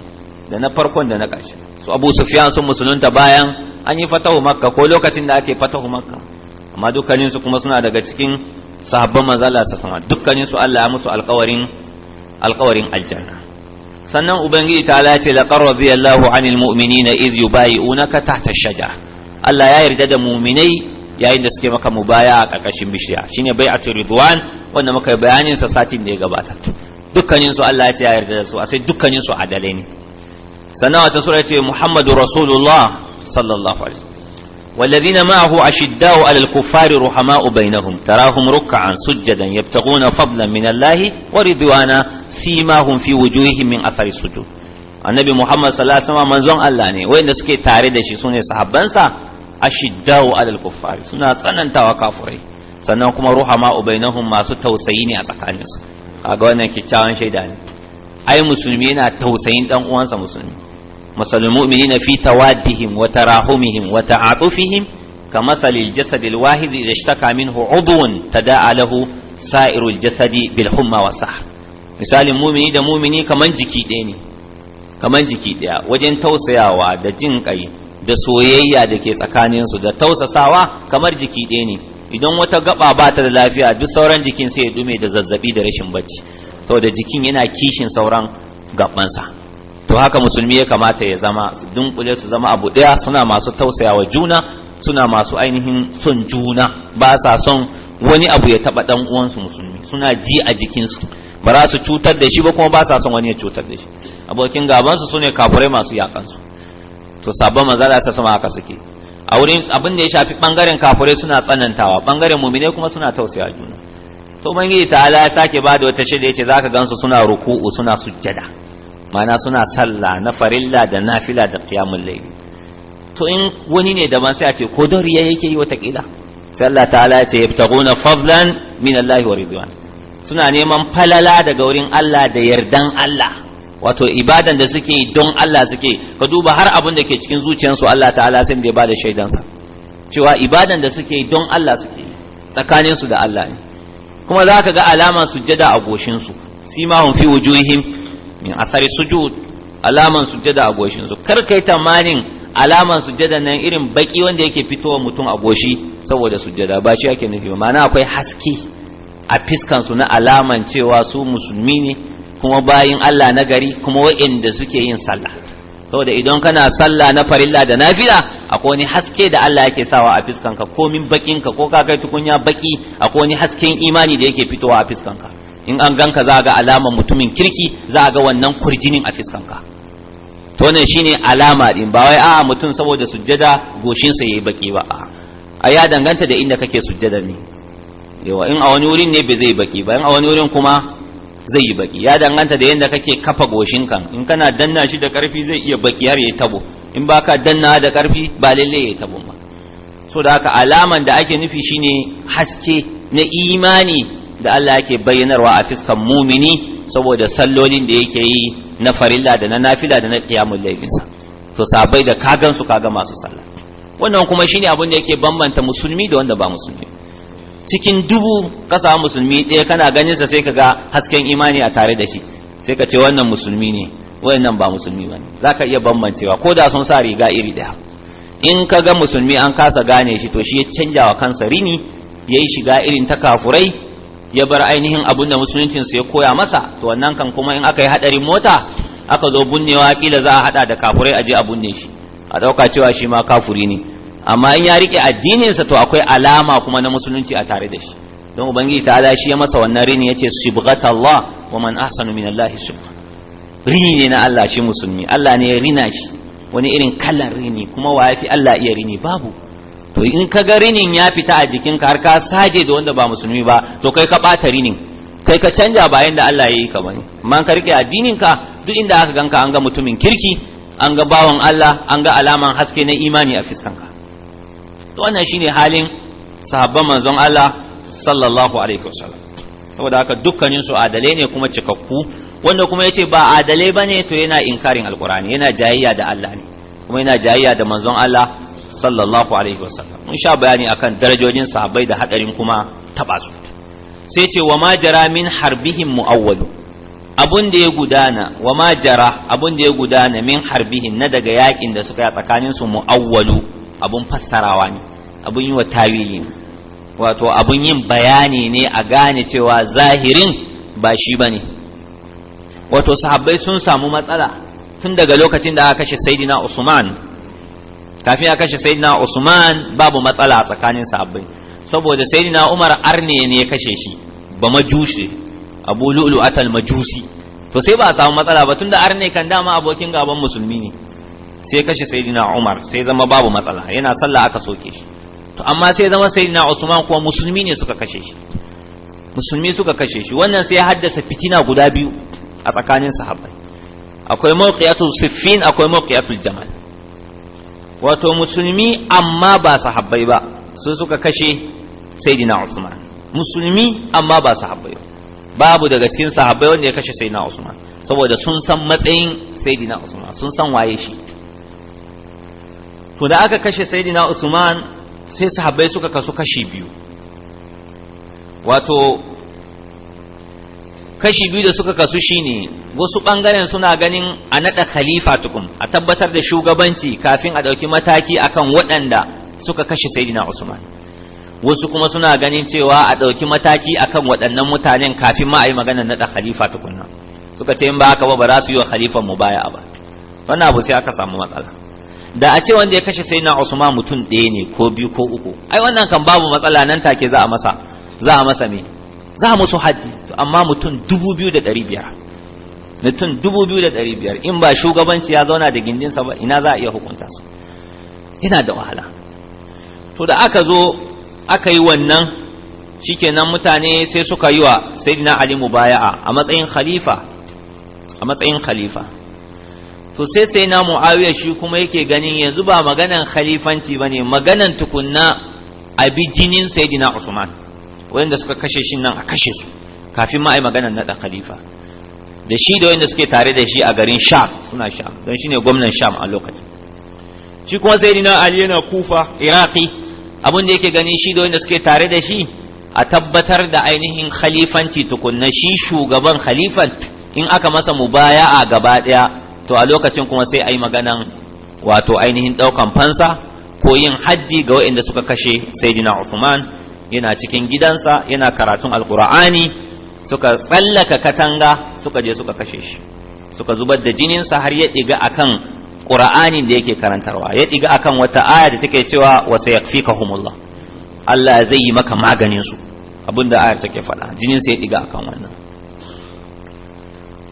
da na farkon da na ƙarshe su Abu Sufyan sun musulunta bayan an yi fatahu makka ko lokacin da ake fatahu makka amma dukkaninsu kuma suna daga cikin sahabban manzala sa sama dukkaninsu Allah ya musu alƙawarin alƙawarin aljanna sannan ubangiji ta lace laqad radiyallahu anil mu'minina idh yubayi'unaka tahta shajar Allah ya yarda da mu'minai yayin da suke maka mubaya a ƙarƙashin bishiya shine bai'atu ridwan wanda muka bayanin sa satin da ya gabata dukkanin su Allah ya ya yarda da su a sai dukkanin su adalai ne sannan wata sura ce Muhammadu Rasulullah sallallahu alaihi والذين معه أشداء على الكفار رحماء بينهم تراهم ركعا سجدا يبتغون فضلا من الله ورضوانا سيماهم في وجوههم من أثر السجود النبي محمد صلى الله عليه وسلم منزون الله ني وين سكي تاري دشي سوني صحابانسا أشداء على الكفار سنة سنن توا كافري sannan kuma ruhama ubainahum masu tausayi ne a tsakaninsu kaga wannan kyakkyawan shaida ne ai musulmi yana tausayin dan uwansa musulmi مثل المؤمنين في توادهم وتراحمهم وتعاطفهم كمثل الجسد الواحد إذا اشتكى منه عضو تداعى له سائر الجسد بالحمى والسحر مثال المؤمن ده مؤمني da جكي ديني كمان جكي ديا وجن توسياوا ده da soyayya da ke tsakaninsu da tausasawa kamar jiki ɗaya ne idan wata gaba ba ta da lafiya duk sauran jikin sai ya dume da zazzabi da rashin bacci saboda jikin yana kishin sauran gabansa to haka musulmi ya kamata ya zama su dunkule su zama abu ɗaya suna masu tausaya wa juna suna masu ainihin son juna ba sa son wani abu ya taɓa ɗan uwansu musulmi suna ji a jikinsu ba za su cutar da shi ba kuma ba sa son wani ya cutar da shi abokin gabansu su ne kafurai masu yakansu to sabon mazala sai sama haka suke a wurin abin da ya shafi bangaren kafurai suna tsanantawa bangaren mumine kuma suna tausaya juna to ta ala ya sake ba da wata shaida yace zaka gansu suna ruku'u suna sujjada mana suna sallah na farilla da nafila da qiyamul layl to in wani ne da sai a ce ko don yake yi wata kila Sallah ta'ala ya ce yabtaguna fadlan min Allah wa ridwan suna neman falala daga wurin Allah da yardan Allah wato ibadan da suke don Allah suke ka duba har abin da ke cikin zuciyarsu Allah ta'ala sai da ya bada shaidansa cewa ibadan da suke don Allah suke tsakaninsu da Allah ne kuma za ka ga alaman sujjada a goshinsu simahum fi wujuhihim min asari sujud alaman sujjada a goshin su kar kai tamanin alaman sujjada nan irin baki wanda yake fitowa mutum a goshi saboda sujjada ba shi yake nufi ba ma'ana akwai haske a fiskan su na alaman cewa su musulmi ne kuma bayin Allah na gari kuma waɗanda suke yin sallah saboda idan kana sallah na farilla da nafila akwai wani haske da Allah yake sawa a fiskanka komin bakinka ko ka kai tukunya baki akwai wani hasken imani da yake fitowa a fiskanka in an ganka za ga alamar mutumin kirki za ga wannan kurjinin a fiskanka to wannan shine alama din ba wai a mutum saboda sujjada goshin sa yayi baki ba a ya danganta da inda kake sujjada ne yawa in a wani wurin ne bai zai baki ba in a wani wurin kuma zai yi baki ya danganta da yadda kake kafa goshin kan in kana danna shi da karfi zai iya baki har yayi tabo in baka danna da karfi ba lalle yayi tabo ba so da haka alaman da ake nufi shine haske na imani da Allah yake bayyanarwa a fiskan mumini saboda sallolin da yake yi na farilla da na nafila da na qiyamul laifinsa to sabai da kagan su kaga masu sallah wannan kuma shine abin da yake bambanta musulmi da wanda ba musulmi cikin dubu kasa musulmi ɗaya kana ganin sa sai kaga hasken imani a tare da shi sai ka ce wannan musulmi ne wannan ba musulmi bane zaka iya bambancewa ko da sun sa riga iri ɗaya in ka ga musulmi an kasa gane shi to shi ya canja wa kansa rini ya yi shiga irin ta kafurai ya bar ainihin abun da musuluncin su ya koya masa to wannan kan kuma in aka yi hadarin mota aka zo bunnewa kila za a hada da kafurai a je a bunne shi a dauka cewa shi ma kafuri ne amma in ya rike addinin sa to akwai alama kuma na musulunci a tare da shi don ubangiji ta shi ya masa wannan rini yace subghatallah wa man ahsanu min allahi subha rini ne na Allah shi musulmi Allah ne ya rina shi wani irin kalan rini kuma wa yafi Allah iya rini babu to in ka ga rinin ya fita a jikinka har ka saje da wanda ba musulmi ba to kai ka bata rinin kai ka canja bayan da Allah ya yi ka bane amma ka rike addinin ka duk inda aka ganka an ga mutumin kirki an ga bawan Allah an ga alaman haske na imani a fiskanka to wannan shine halin sahabban manzon Allah sallallahu alaihi wasallam saboda haka dukkanin su adalai ne kuma cikakku wanda kuma yace ba adalai bane to yana inkarin alqur'ani yana jayayya da Allah ne kuma yana jayayya da manzon Allah sallallahu alaihi wasallam mun sha bayani akan darajojin sahabbai da hadarin kuma taba su sai ce wa ma jara min harbihim muawwalu abun da ya gudana wa ma abun da ya gudana min harbihim na daga yakin da suka yi tsakanin su muawwalu abun fassarawa ne abun yi wa tawili wato abun yin bayani ne a gane cewa zahirin ba shi bane wato sahabbai sun samu matsala tun daga lokacin da aka kashe saidina usman kafin a kashe sayyidina Usman babu matsala a tsakanin sahabbai saboda sayyidina Umar arne ne ya kashe shi ba majushi Abu Lu'lu atal majusi to sai ba a samu matsala ba tunda arne kan dama abokin gaban musulmi ne sai kashe sayyidina Umar sai zama babu matsala yana sallah aka soke shi to amma sai zama sayyidina Usman kuwa musulmi ne suka kashe shi musulmi suka kashe shi wannan sai ya haddasa fitina guda biyu a tsakanin sahabbai akwai mawqiyatul siffin akwai mawqiyatul jamal wato musulmi amma ba sahabbai ba su suka kashe sayyidina Usman musulmi amma ba sahabbai babu daga cikin sahabbai wanda ya kashe sayyidina Usman saboda sun san matsayin sayyidina Usman sun san waye shi to da aka kashe sayyidina Usman sai sahabbai suka kasu kashi biyu wato kashi biyu da suka kasu shine wasu bangaren suna ganin a naɗa khalifa tukun a tabbatar da shugabanci kafin a ɗauki mataki akan waɗanda suka kashe saidina usman wasu kuma suna ganin cewa a ɗauki mataki akan waɗannan mutanen kafin ma a yi maganar naɗa khalifa tukun nan suka ce in ba haka ba ba za su yi wa khalifan mu baya ba wannan abu sai aka samu matsala da a ce wanda ya kashe sayyidina Usman mutum ɗaya ne ko biyu ko uku ai wannan kan babu matsala nan take za a masa za a masa me za mu su haddi amma mutum 2500 mutum 2500 in ba shugabanci ya zauna da gindinsa ba ina za a iya hukunta su yana da wahala to da aka zo aka yi wannan shikenan mutane sai suka yi wa sayyidina ali mubaya'a a matsayin khalifa a matsayin khalifa to sai sai na muawiya shi kuma yake ganin yanzu ba maganan khalifanci bane maganan tukunna abi jinin sayyidina usman wanda suka kashe shi nan a kashe su kafin ma ai maganar naɗa khalifa da shi da wanda suke tare da shi a garin sham suna sham don shine gwamnan sham a lokacin shi kuma sayyidina ali yana kufa Iraki. abin da yake gani shi da wanda suke tare da shi a tabbatar da ainihin khalifanci tukunna shi shugaban khalifan in aka masa mubaya'a gaba daya to a lokacin kuma sai ayi maganan wato ainihin daukan fansa ko yin haddi ga waɗanda suka kashe sayyidina Uthman yana cikin gidansa yana karatun alkur'ani suka tsallaka katanga suka je suka kashe shi suka zubar da jininsa har ya diga akan qur'ani da yake karantarwa ya ɗiga akan wata aya da take cewa wa sayakfikahumullah Allah zai yi maka maganin su abinda ayar take faɗa jininsa ya ɗiga akan wannan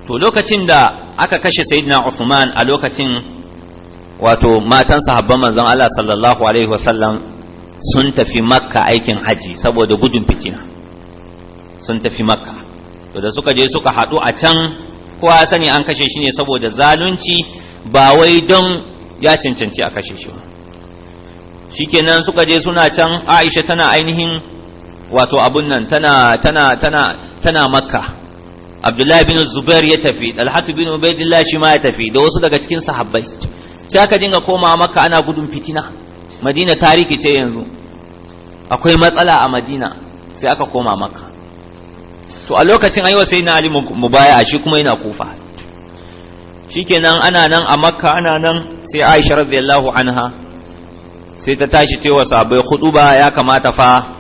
to lokacin da aka kashe sayyidina Uthman a lokacin wato matan sahabban manzon Allah sallallahu alaihi wasallam sun tafi makka aikin haji saboda gudun fitina sun tafi makka to da suka je suka haɗu a can kowa sani an kashe shi ne saboda zalunci ba wai don ya cancanci a kashe shi shikenan suka je suna can aisha tana ainihin wato abun nan tana tana tana tana makka abdullahi bin zubair ya tafi alhatu bin ubaidillah shi ma ya tafi da wasu daga cikin sahabbai sai aka dinga koma makka ana gudun fitina madina ta rikice yanzu akwai matsala a madina sai aka koma makka to a lokacin aiwa sai na ali mubaya shi kuma yana kufa shikenan ana nan a makka ana nan sai aisha radiyallahu anha sai ta tashi cewa sabai hudu ba ya kamata fa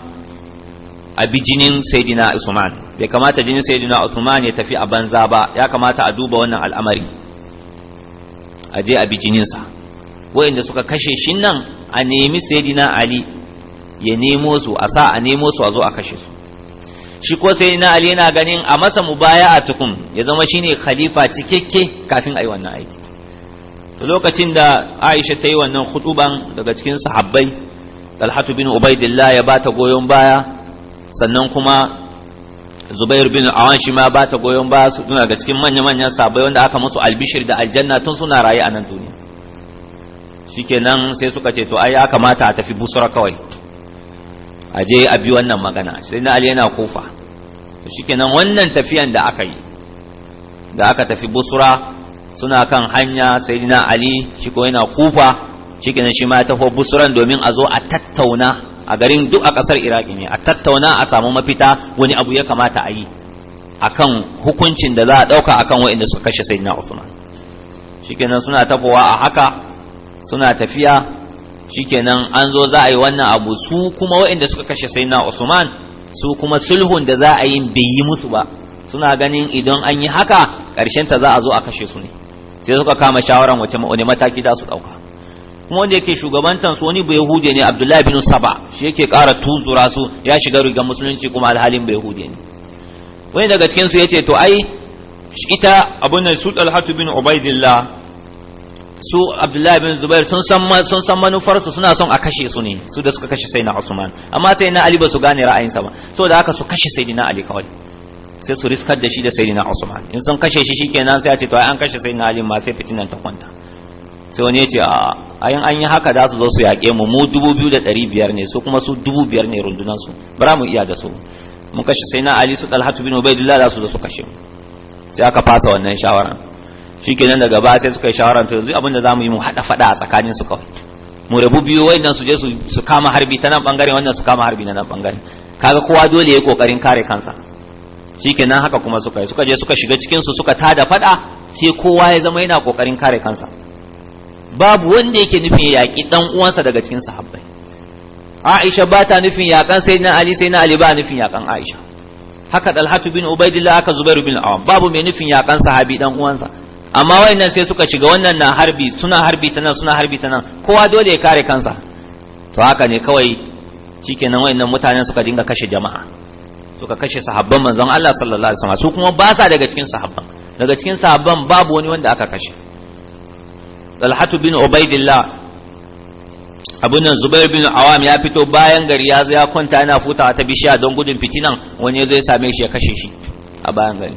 a bi jinin sayyidina usman bai kamata jinin sayidina usman ya tafi a banza ba ya kamata a duba wannan al'amari a je a bi jininsa wa'inda suka kashe shi nan a nemi sayyidina ali ya nemo su a sa a nemo su a zo a kashe su shi ko sayyidina ali yana ganin a masa a tukun ya zama shine khalifa cikakke kafin a yi wannan aiki to lokacin da Aisha ta yi wannan khutuban daga cikin sahabbai Talhatu bin Ubaidillah ya bata goyon baya sannan kuma Zubair bin Awan shi ma bata goyon baya su daga cikin manya-manyan sahabbai wanda aka musu albishir da aljanna tun suna raye a nan duniya shikenan sai suka ce to ai ya kamata a tafi busra kawai a je a bi wannan magana sai na ali yana kufa shikenan wannan tafiyan da aka yi da aka tafi busra suna kan hanya sai na ali shi ko yana kufa shikenan shi ma ya taho busran domin a zo a tattauna a garin duk a kasar iraki ne a tattauna a samu mafita wani abu ya kamata a yi akan hukuncin da za a dauka akan waɗanda suka kashe sayyidina Uthman shikenan suna tafowa a haka suna tafiya shikenan an zo za a yi wannan abu su kuma waɗanda suka kashe sayyidina Usman su kuma sulhun da za a yi bai yi musu ba suna ganin idan an yi haka ƙarshen ta za a zo a kashe su ne sai suka kama shawaran wace wani mataki za su ɗauka kuma wanda yake shugabantan su wani bayahude ne Abdullahi bin Saba shi yake ƙara tuzura su ya shiga rigar musulunci kuma alhalin hude ne wani daga cikin su yace to ai ita abun nan sudal Hatib bin Ubaidillah su abdullahi bin zubair sun san sun san manufarsu suna son a kashe su ne su da suka kashe sai na usman amma sai na ali ba su gane ra'ayinsa ba so da haka su kashe sai na ali kawai sai su riskar da shi da sayyidina usman in sun kashe shi shikenan sai a ce to an kashe sayyidina ali ma sai fitinan ta kwanta sai wani ya ce a ayin an yi haka da su zo su yaƙe mu mu dubu biyu da ɗari biyar ne su kuma su dubu biyar ne rundunan su bara mu iya da su mun kashe sayyidina ali su talhatu bin ubaidullah za su zo su kashe mu sai aka fasa wannan shawaran shikenan daga ba sai suka yi shawara to yanzu abinda zamu yi mu hada fada a tsakanin su kawai mu rabu biyu wayannan su je su kama harbi ta nan bangaren wannan su kama harbi na nan bangaren kaga kowa dole ya kokarin kare kansa shikenan haka kuma suka yi suka je suka shiga cikin su suka tada fada sai kowa ya zama yana kokarin kare kansa babu wanda yake nufin ya yaki dan uwansa daga cikin sahabbai Aisha ba ta nufin yakan na Ali sai na Ali ba nufin yakan Aisha haka Talhatu bin Ubaidillah aka Zubairu bin Awam babu mai nufin yakan sahabi dan uwansa amma wayannan sai suka shiga wannan na harbi suna harbi ta nan suna harbi ta nan kowa dole ya kare kansa to haka ne kawai shikenan wayannan mutanen suka dinga kashe jama'a suka kashe sahabban manzon Allah sallallahu alaihi wasallam su kuma ba sa daga cikin sahabban daga cikin sahabban babu wani wanda aka kashe Talhatu bin Ubaidillah Abu nan Zubair bin Awam ya fito bayan gari ya zo ya kwanta yana futawa ta bishiya don gudun fitinan wani ya zo ya same shi ya kashe shi a bayan gari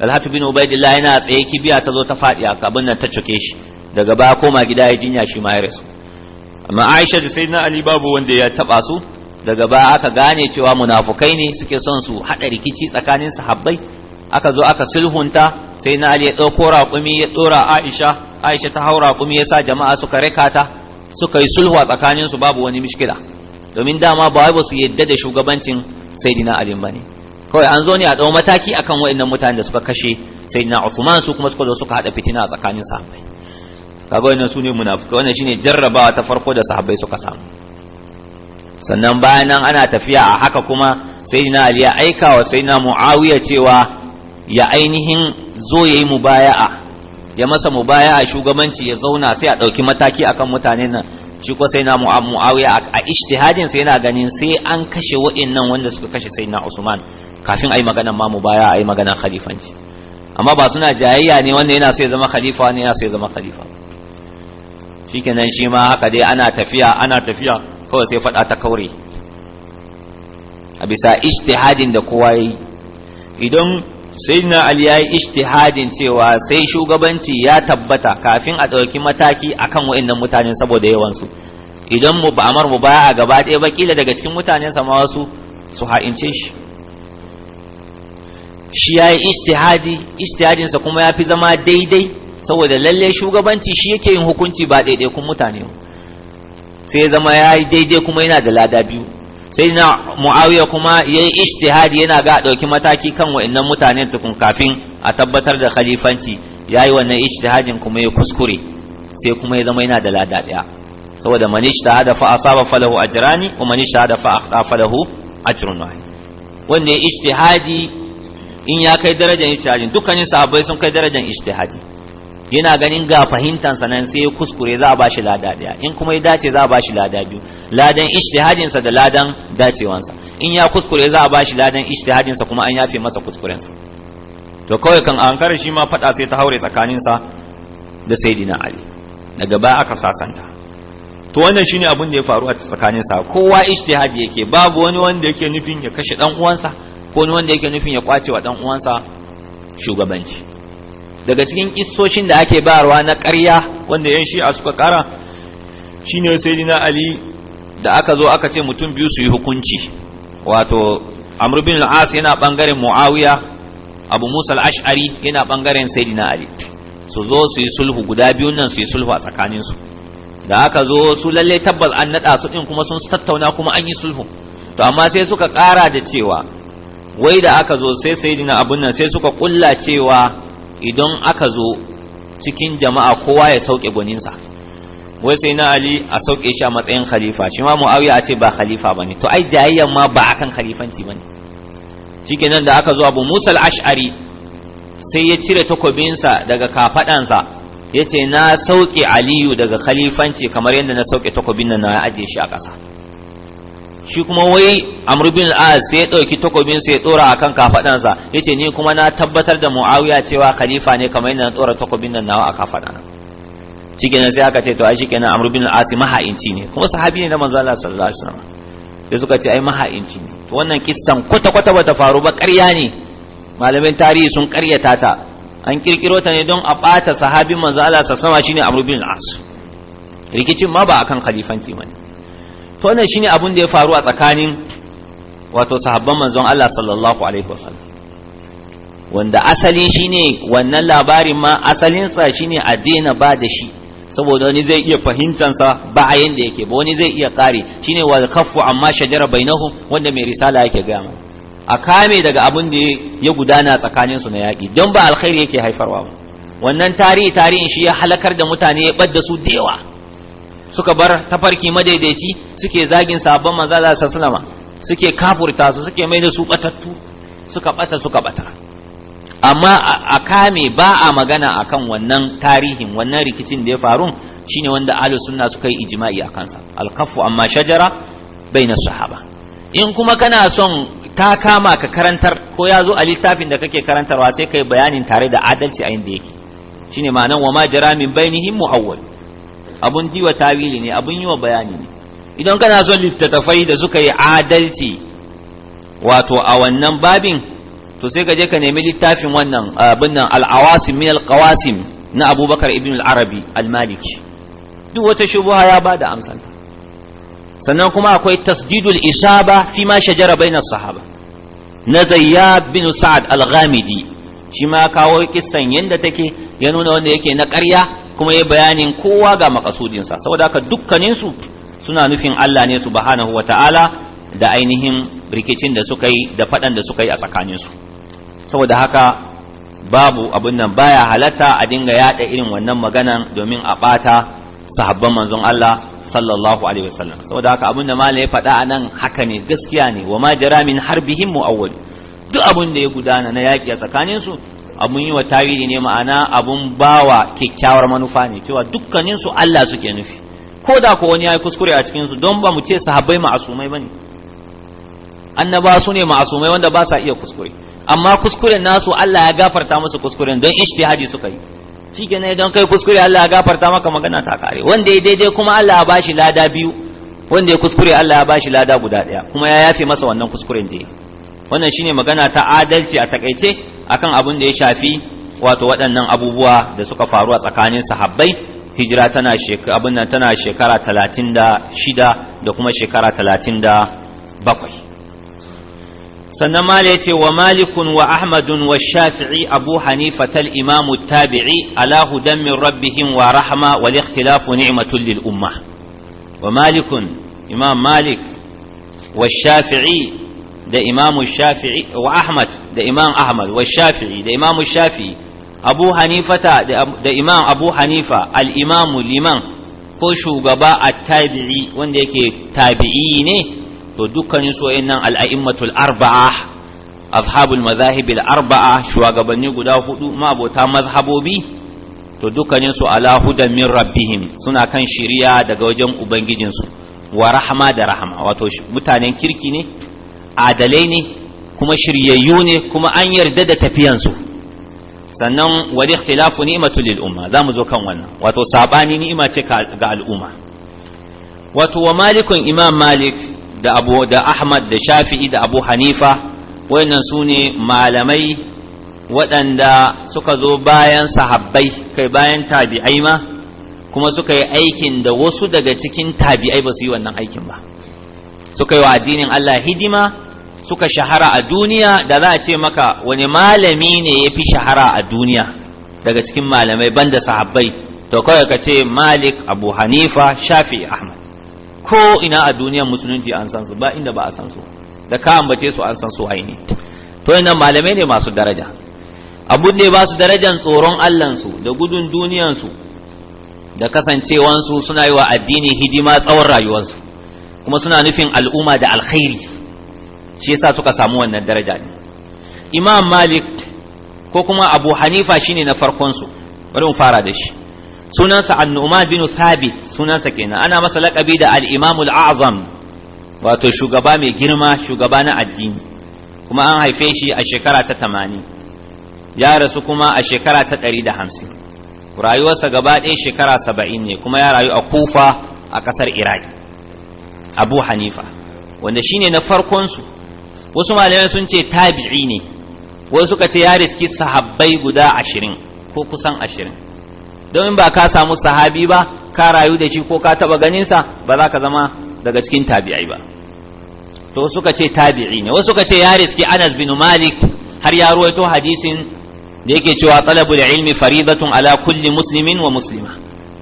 Alhatu bin ubaidillah yana tsaye kibiya ta zo ta faɗi a kabin nan ta cuke shi daga baya koma gida ya jinya shi ma ya rasu amma aisha da sai na ali babu wanda ya taɓa su daga baya aka gane cewa munafukai ne suke son su haɗa rikici tsakanin sahabbai aka zo aka sulhunta sai na ali ya ɗauko raƙumi ya ɗora aisha aisha ta haura kuma ya sa jama'a suka rekata suka yi sulhu a tsakanin su babu wani mishkila domin dama ba wai su yadda da shugabancin sayyidina ali bane kawai an zo ne a ɗau mataki akan waɗannan mutanen da suka kashe na Uthman su kuma suka zo suka haɗa fitina a tsakanin sahabbai kaga wannan sune munafikai wannan shine jarrabawa ta farko da sahabbai suka samu sannan bayan nan ana tafiya a haka kuma na Ali ya aika wa na Muawiya cewa ya ainihin zo yayi mubaya'a ya masa mubaya'a shugabanci ya zauna sai a ɗauki mataki akan mutanen nan shi ko sai na mu'awiya a ijtihadin sai yana ganin sai an kashe waɗannan wanda suka kashe sai na usman kafin ai magana ma mu baya ai magana khalifanci amma ba suna jayayya ne wanda yana so ya zama khalifa wanda yana so ya zama khalifa shikenan shi ma haka dai ana tafiya ana tafiya kawai sai fada ta kaure a bisa ijtihadin da kowa yi idan sayyidina ali yayi ijtihadin cewa sai shugabanci ya tabbata kafin a ɗauki mataki akan waɗannan mutane saboda yawan su idan mu ba amar mu baya a gaba ɗaya ba kila daga cikin mutanen ma wasu su ha'ince shi shi ya yi istihadi istihadinsa kuma ya fi zama daidai saboda lalle shugabanci shi yake yin hukunci ba daidai kun mutane sai ya zama ya yi daidai kuma yana da lada biyu sai na mu'awiya kuma ya yi istihadi yana ga ɗauki mataki kan wa'annan mutane tukun kafin a tabbatar da khalifanci ya yi wannan istihadin kuma ya kuskure sai kuma ya zama yana da lada ɗaya saboda man ijtahada fa asaba falahu ajrani wa man ijtahada fa akhta falahu ajrun wahid wannan ijtihadi in ya kai darajar ijtihadin dukkanin sahabbai sun kai darajar ijtihadi yana ganin ga fahimtar sa nan sai kuskure za a bashi lada daya in kuma ya dace za a bashi lada biyu ladan ijtihadin sa da ladan dacewan sa in ya kuskure za a bashi ladan ijtihadin sa kuma an yafe masa kuskuren sa to kawai kan an kare shi ma fada sai ta haure tsakanin sa da sayyidina ali daga baya aka sasanta to wannan shine abin da ya faru a tsakanin sa kowa ijtihadi yake babu wani wanda yake nufin ya kashe dan uwansa ko ni wanda yake nufin ya kwace wa dan uwansa shugabanci daga cikin kissoshin da ake bayarwa na ƙarya wanda yan shi'a suka ƙara shine sayyidina ali da aka zo aka ce mutum biyu su yi hukunci wato amr bin al-as yana bangaren muawiya abu musa al-ash'ari yana bangaren sayyidina ali su zo su yi sulhu guda biyu nan su yi sulhu a tsakaninsu da aka zo su lalle tabbas an naɗa su ɗin kuma sun tattauna kuma an yi sulhu to amma sai suka kara da cewa wai da aka zo sai sayyidina abun nan sai suka kulla cewa idan aka zo cikin jama'a kowa ya sauke gwaninsa wai sai na ali a sauke shi a matsayin khalifa shi ma muawiya a ce ba khalifa bane to ai jayayyan ma ba akan khalifanci bane shikenan da aka zo abu musa al-ash'ari sai ya cire takobinsa daga kafadansa yace na sauke aliyu daga khalifanci kamar yadda na sauke takobin nan na ajiye shi a ƙasa shi kuma wai amr bin sai ya ɗauki takobin sai ya dora akan kafadansa yace ni kuma na tabbatar da muawiya cewa khalifa ne kamar yadda na ɗora takobin nan nawa a kafadana shikenan sai aka ce to ai shikenan amr bin al-as maha'inci ne kuma sahabi ne na manzo Allah sallallahu alaihi wasallam sai suka ce ai maha'inci ne to wannan kissan kwata kwata bata faru ba ƙarya ne malamin tarihi sun ƙaryata ta an kirkiro ta ne don a ɓata sahabin manzo Allah sallallahu alaihi wasallam shine amr bin al-as rikicin ma ba akan khalifanci bane to wannan shine abun da ya faru a tsakanin wato sahabban manzon Allah sallallahu alaihi wasallam wanda asali shine wannan labarin ma asalinsa shine a daina ba da shi saboda wani zai iya sa ba a yanda yake ba wani zai iya kare shine wa kaffu amma shajara bainahum wanda mai risala yake ga mu a kame daga abin da ya gudana tsakanin su na yaki don ba alkhairi yake haifarwa ba wannan tarihi tarihin shi ya halakar da mutane ya ɓadda su da yawa suka bar tafarki madaidaici suke zagin sabon manzo Allah sallama suke kafurta su suke mai da su batattu suka bata suka bata amma a kame ba a magana akan wannan tarihin wannan rikicin da ya faru shine wanda ahlus sunna suka yi ijma'i a kansa alkafu amma shajara bainas sahaba in kuma kana son ta kama ka karantar ko ya zo a littafin da kake karantarwa sai kai bayanin tare da adalci a inda yake shine ma'anan wa ma jara min bainihim muhawwal abun diwa tawili ne abun yi wa bayani ne idan kana son littattafai da suka yi adalci wato a wannan babin to sai ka je ka nemi littafin wannan abin nan al min al na abubakar ibn al-arabi al-maliki duk wata shubuha ya da amsanta sannan kuma akwai tasdidul isaba fi ma shajara bainas sahaba na zayyab bin sa'ad al-ghamidi shi ma kawo kissan yanda take ya nuna wanda yake na ƙarya kuma ya bayanin kowa ga makasudinsa saboda haka dukkaninsu suna nufin Allah ne subhanahu wa ta'ala da ainihin rikicin da suka yi da faɗan da suka yi a tsakaninsu saboda haka babu abin nan baya halatta a dinga yaɗa irin wannan maganan domin a ɓata sahabban manzon Allah sallallahu alaihi wasallam saboda haka abin da malai ya faɗa a nan haka ne gaskiya ne wa ma jara min harbihim mu'awwal duk abin da ya gudana na yaki a tsakaninsu. abun yi wa tawili ne ma'ana abun bawa kyakkyawar manufa ne cewa dukkanin su Allah suke nufi ko da ko wani yi kuskure a cikin su don ba mu ce sahabbai ma'asumai bane annaba su ne ma'asumai wanda ba sa iya kuskure amma kuskuren nasu Allah ya gafarta musu kuskuren don ijtihadi suka yi shikenan idan kai kuskure Allah ya gafarta maka magana ta kare wanda ya daidai kuma Allah ya bashi lada biyu wanda ya kuskure Allah ya bashi lada guda daya kuma ya yafe masa wannan kuskuren da ya wannan shine magana ta adalci a takaice akan abin da ya shafi wato waɗannan abubuwa da suka faru a tsakanin sahabbai hijira tana shekara abin nan tana shekara talatin da kuma shekara 37 sannan mala ya ce wa malikun wa ahmadun wa shafi'i abu hanifa tal imamu tabi'i alahu hudan min rabbihim wa rahma wal ikhtilafu ni'matun lil umma wa malikun imam malik wa shafi'i da imamu shafi'i wa ahmad da imam ahmad wa shafi'i da imamu shafi'i abu hanifata da imam abu hanifa al-imamu liman ko shugaba a tabii wanda yake tabi'i ne to dukkanin su nan al arba'a ashabul madhahib arbaa shugabanni guda hudu mabota mazhabobi to dukkanin su ala hudan min rabbihim suna kan shiriya daga wajen ubangijinsu wa rahama da rahama wato mutanen kirki ne adalai ne kuma shiryayyu ne kuma an yarda da tafiyansu sannan wal ikhtilafu ni'matu lil umma mu zo kan wannan wato sabani ni'ima ce ga al'umma wato wa malikun imam malik da abu da ahmad da shafi'i da abu hanifa wayannan sune malamai waɗanda suka zo bayan sahabbai kai bayan tabi'ai ma kuma suka yi aikin da wasu daga cikin tabi'ai ba su yi wannan aikin ba suka yi wa addinin Allah hidima suka shahara a duniya da za a ce maka wani malami ne ya fi shahara a duniya daga cikin malamai banda sahabbai to kawai ka ce malik abu hanifa shafi ahmad ko ina a duniyar musulunci an san su ba inda ba a san su da ka ambace su an san su aini to ina malamai ne masu daraja abun ne ba su darajan tsoron allansu da gudun duniyansu da kasancewansu suna yi wa addini hidima tsawon rayuwarsu kuma suna nufin al'umma da alkhairi shi yasa suka samu wannan daraja ne imam malik ko kuma abu hanifa shine na farkon su bari mu fara da shi sunansa annuman bin thabit sunansa kenan ana masa laƙabi da al-imam al-azam wato shugaba mai girma shugaba na addini kuma an haife shi a shekara ta tamanin. ya rasu kuma a shekara ta hamsin. rayuwarsa gaba ɗaya shekara saba'in ne kuma ya rayu a kufa a ƙasar iraki abu hanifa wanda shine na farkon su wasu malamai sun ce tabi'i ne wasu suka ce ya riski sahabbai guda ashirin ko kusan ashirin in ba ka samu sahabi ba ka rayu da shi ko ka taba ganinsa ba za ka zama daga cikin tabi'ai ba to suka ce tabi'i ne wasu suka ce ya riski anas bin malik har ya ruwaito hadisin da yake cewa talabul ilmi faridatun ala kulli muslimin wa muslima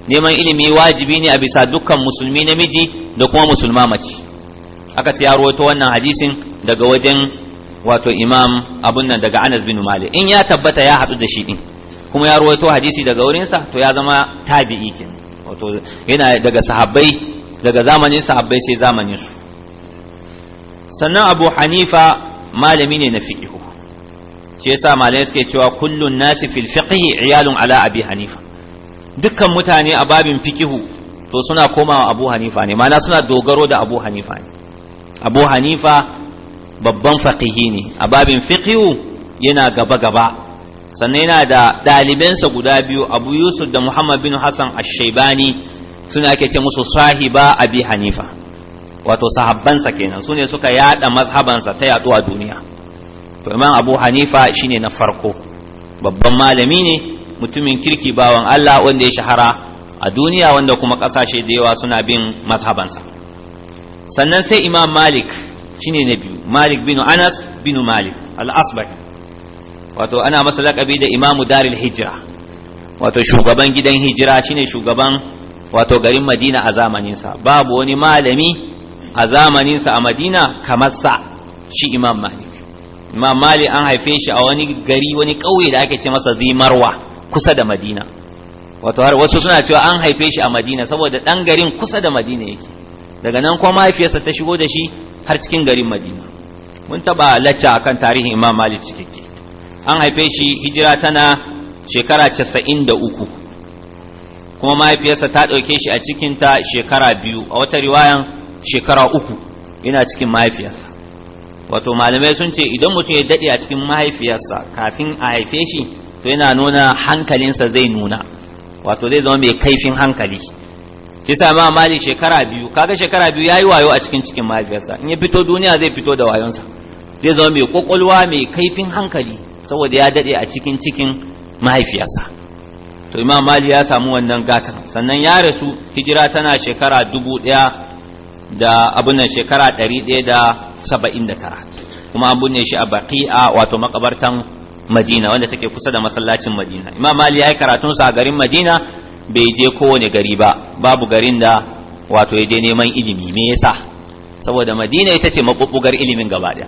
neman ilimi wajibi ne a bisa dukkan musulmi namiji da kuma musulma mace aka ce ya rawaito wannan hadisin daga wajen wato imam abun nan daga anas bin malik in ya tabbata ya haɗu da shi din kuma ya rawaito hadisi daga wurinsa to ya zama tabi'i kin wato yana daga sahabbai daga zamanin sahabbai sai zamanin su sannan abu hanifa malami ne na fiqihu shi yasa malamai suke cewa kullun nasi fil fiqhi iyalun ala abi hanifa dukkan mutane a babin fiqihu to suna komawa abu hanifa ne ma'ana suna dogaro da abu hanifa ne abu hanifa babban faqihi ne a babin fiqihu yana gaba gaba sannan yana da ɗalibansa guda biyu abu yusuf da muhammad bin hassan ashaibani suna ake ce musu sahiba abi hanifa wato sahabbansa kenan su ne suka yada mazhabansa ta yaɗo a duniya to imam abu hanifa shine na farko babban malami ne mutumin kirki bawan allah wanda ya shahara a duniya wanda kuma ƙasashe da yawa suna bin mazhabansa sannan sai imam malik shine na biyu malik binu anas binu malik al-asbak wato ana masa laƙabi da imamu daril hijira wato shugaban gidan hijira shine shugaban wato garin madina a zamaninsa babu wani malami a zamaninsa a madina kamar sa shi imam malik imam malik an haife shi a wani gari wani ƙauye da ake ce masa zimarwa kusa da madina wato har wasu suna cewa an haife shi a madina saboda ɗan garin kusa da madina yake daga nan kuma mahaifiyarsa ta shigo da shi har cikin garin madina mun taba lacca kan tarihin imam malik cikakke an haife shi hijira tana shekara casa'in da uku kuma mahaifiyarsa ta ɗauke shi a cikinta shekara biyu a wata riwayan shekara uku yana cikin mahaifiyarsa wato malamai sun ce idan mutum ya daɗe a cikin mahaifiyarsa kafin a haife shi to yana nuna hankalinsa zai nuna wato zai zama mai kaifin hankali Kisa sa ma mali shekara biyu kaga shekara biyu yayi wayo a cikin cikin mahaifiyarsa in ya fito duniya zai fito da wayonsa zai zama mai kwakwalwa mai kaifin hankali saboda ya dade a cikin cikin mahaifiyarsa to imam mali ya samu wannan gatan sannan ya rasu hijira tana shekara dubu ɗaya da abun nan shekara ɗari ɗaya da saba'in da tara kuma an ne shi a baqi'a wato makabartan madina wanda take kusa da masallacin madina imam mali ya yi sa a garin madina bai je kowane gari ba babu garin da wato ya je neman ilimi me yasa saboda madina ita ce maɓuɓɓugar ilimin gaba ɗaya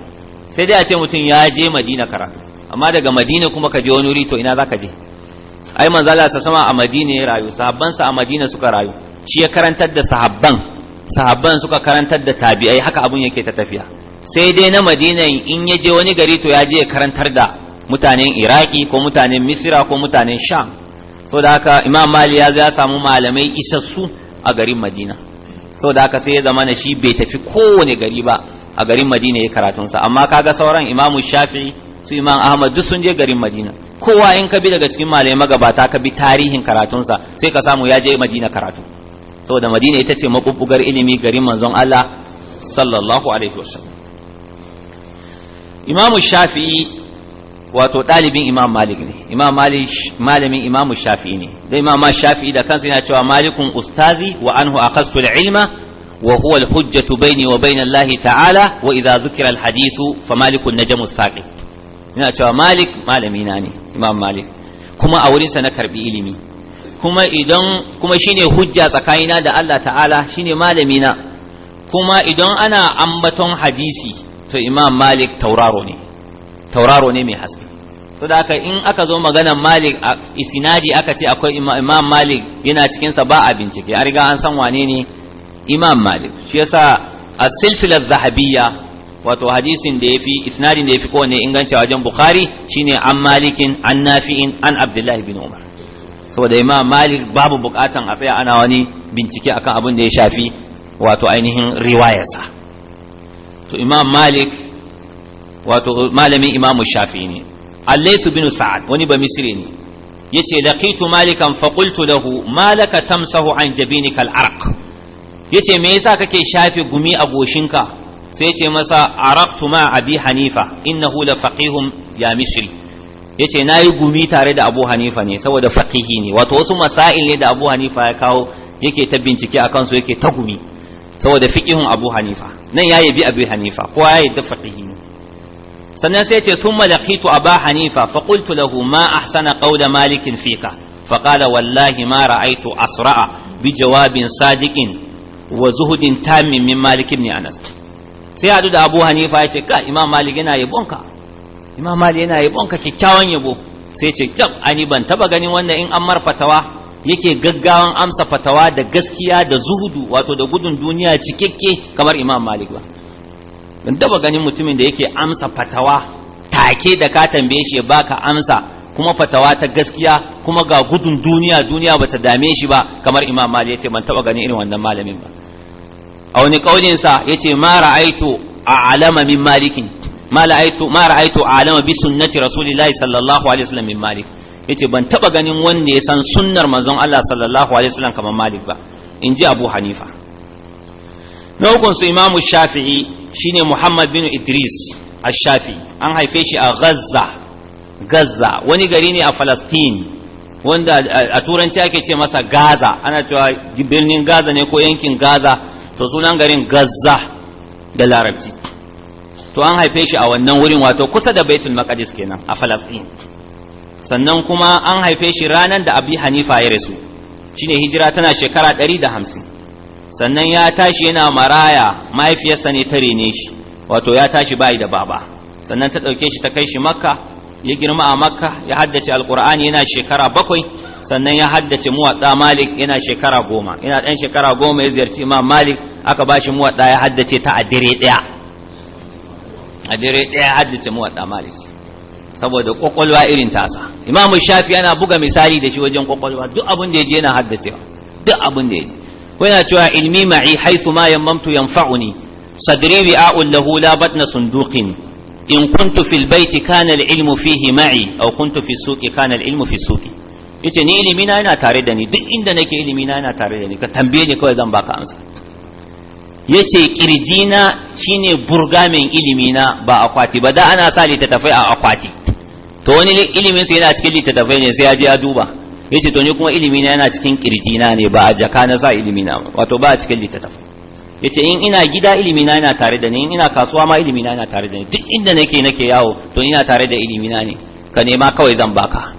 sai dai a ce mutum ya je madina karatu amma daga madina kuma ka je wani wuri to ina za ka je ai manzala sa sama a madina ya rayu sa a madina suka rayu shi ya karantar da sahabban sahabban suka karantar da tabi'ai haka abun yake ta tafiya sai dai na madina in ya je wani gari to ya je ya karantar da mutanen iraki ko mutanen misira ko mutanen sham so da haka imam mali ya ya samu malamai isassu a garin madina so da haka sai ya zama na shi bai tafi kowane gari ba a garin madina ya karatunsa amma kaga sauran imamu shafi'i su imam ahmad duk sun je garin madina kowa in ka bi daga cikin malamai magabata ka bi tarihin karatunsa sai ka samu ya je madina karatu saboda madina ita ce makubugar ilimi garin manzon allah sallallahu alaihi wasallam imamu shafi'i wato ɗalibin imam malik ne imam malik malamin imam shafi'i ne da imam shafi'i da kansa yana cewa malikun ustazi wa anhu akastu ilma wa huwa alhujjatu baini wa bain allah ta'ala wa idza dhukira alhadithu fa malikun najmu saqi yana cewa malik malami na ne imam malik kuma a wurin sa na karbi ilimi kuma idan kuma shine hujja tsakanina da Allah ta'ala shine malami na kuma idan ana ambaton hadisi to imam malik tauraro ne tauraro ne mai haske so in aka zo maganan malik a isinadi aka ce akwai imam malik yana cikinsa ba a bincike a riga an san wane ne imam malik shi yasa a silsilar zahabiyya wato hadisin da ya fi isnadin da ya fi kowane inganci wajen bukhari shine an malikin an nafi'in an abdullahi bin umar saboda imam malik babu bukatan a tsaya ana wani bincike akan abin da ya shafi wato ainihin riwayarsa to imam malik wato malamin imam shafi ne allaythu bin sa'ad wani ba misri ne yace laqitu malikan fa qultu lahu malaka tamsahu an jabinika al-arq yace me yasa kake shafe gumi a goshinka sai yace masa araqtu ma abi hanifa innahu la faqihum ya misri yace nayi gumi tare da abu hanifa ne saboda faqihi ne wato wasu masail ne da abu hanifa ya kawo yake ta bincike a kansu yake ta gumi saboda fiqihun abu hanifa nan ya yabi abu hanifa kowa ya yadda faqihi ne sannan sai ce malakitu a ba hanifa faƙultu da lahu ma ahsana qawla malikin fika fa wallahi ma ra'aytu asra'a bi jawabin sadiqin wa zuhudin tamin min malik ibn anas sai hadu da abu hanifa ya ce ka imam malik yana yabonka imam malik yana yabonka kikkiawan yabo sai ce jab ani ban taba ganin wannan in an fatawa yake gaggawan amsa fatawa da gaskiya da zuhudu wato da gudun duniya cikakke kamar imam malik ba don taba ganin mutumin da yake amsa fatawa take da ka tambaye shi baka amsa kuma fatawa ta gaskiya kuma ga gudun duniya duniya bata dame shi ba kamar imam mali yace ban taba ganin irin wannan malamin ba a wani kaulin sa yace ma ra'aitu a'lama min malikin ma ra'aitu ma ra'aitu a'lama bi sunnati rasulillahi sallallahu alaihi wasallam min malik yace ban taba ganin wanda ya san sunnar manzon Allah sallallahu alaihi wasallam kamar malik ba in ji abu hanifa na hukun su imamu shafi'i shine Muhammad bin Idris Ash-Shafi an haife shi a Gaza Gaza wani gari ne a Palestine wanda a turanci ake ce masa Gaza ana cewa birnin Gaza ne ko yankin Gaza to sunan garin Gaza da Larabci to an haife shi a wannan wurin wato kusa da Baitul Maqdis kenan a Palestine sannan kuma an haife shi ranar da Abi Hanifa ya rasu shine hijira tana shekara 150 sannan ya tashi yana maraya mahaifiyarsa ne ta rene shi wato ya tashi bai da baba sannan ta ɗauke shi ta kai shi makka ya girma a makka ya haddace alƙur'ani yana shekara bakwai sannan ya haddace muwaɗa malik yana shekara goma yana ɗan shekara goma ya ziyarci imam malik aka ba shi muwaɗa ya haddace ta a dire ɗaya a dire ɗaya ya haddace muwaɗa malik saboda ƙwaƙwalwa irin tasa imam shafi yana buga misali da shi wajen ƙwaƙwalwa duk abin da ya je yana haddacewa duk abin da ya je ko yana cewa ilmi ma'i haythu ma yammamtu yanfa'uni sadri wi'a'un lahu la batna sunduqin in kuntu fil baiti kana al-ilmu fihi ma'i aw kuntu fi suqi kana al-ilmu fi suqi yace ni ilimi na yana tare da ni duk inda nake ilimi na yana tare da ni ka tambaye ni kawai zan baka amsa yace kirji na shine burgamin ilimi na ba akwati ba da ana sa litattafai a akwati to wani ilimin sai yana cikin litattafai ne sai ya je ya duba yace to ni kuma ilimi na yana cikin kirji na ne ba a jaka na sa ilimi na wato ba a cikin littattafa yace in ina gida ilimi na yana tare da ni in ina kasuwa ma ilimi na yana tare da ni duk inda nake nake yawo to ina tare da ilimi na ne ka nema kawai zan baka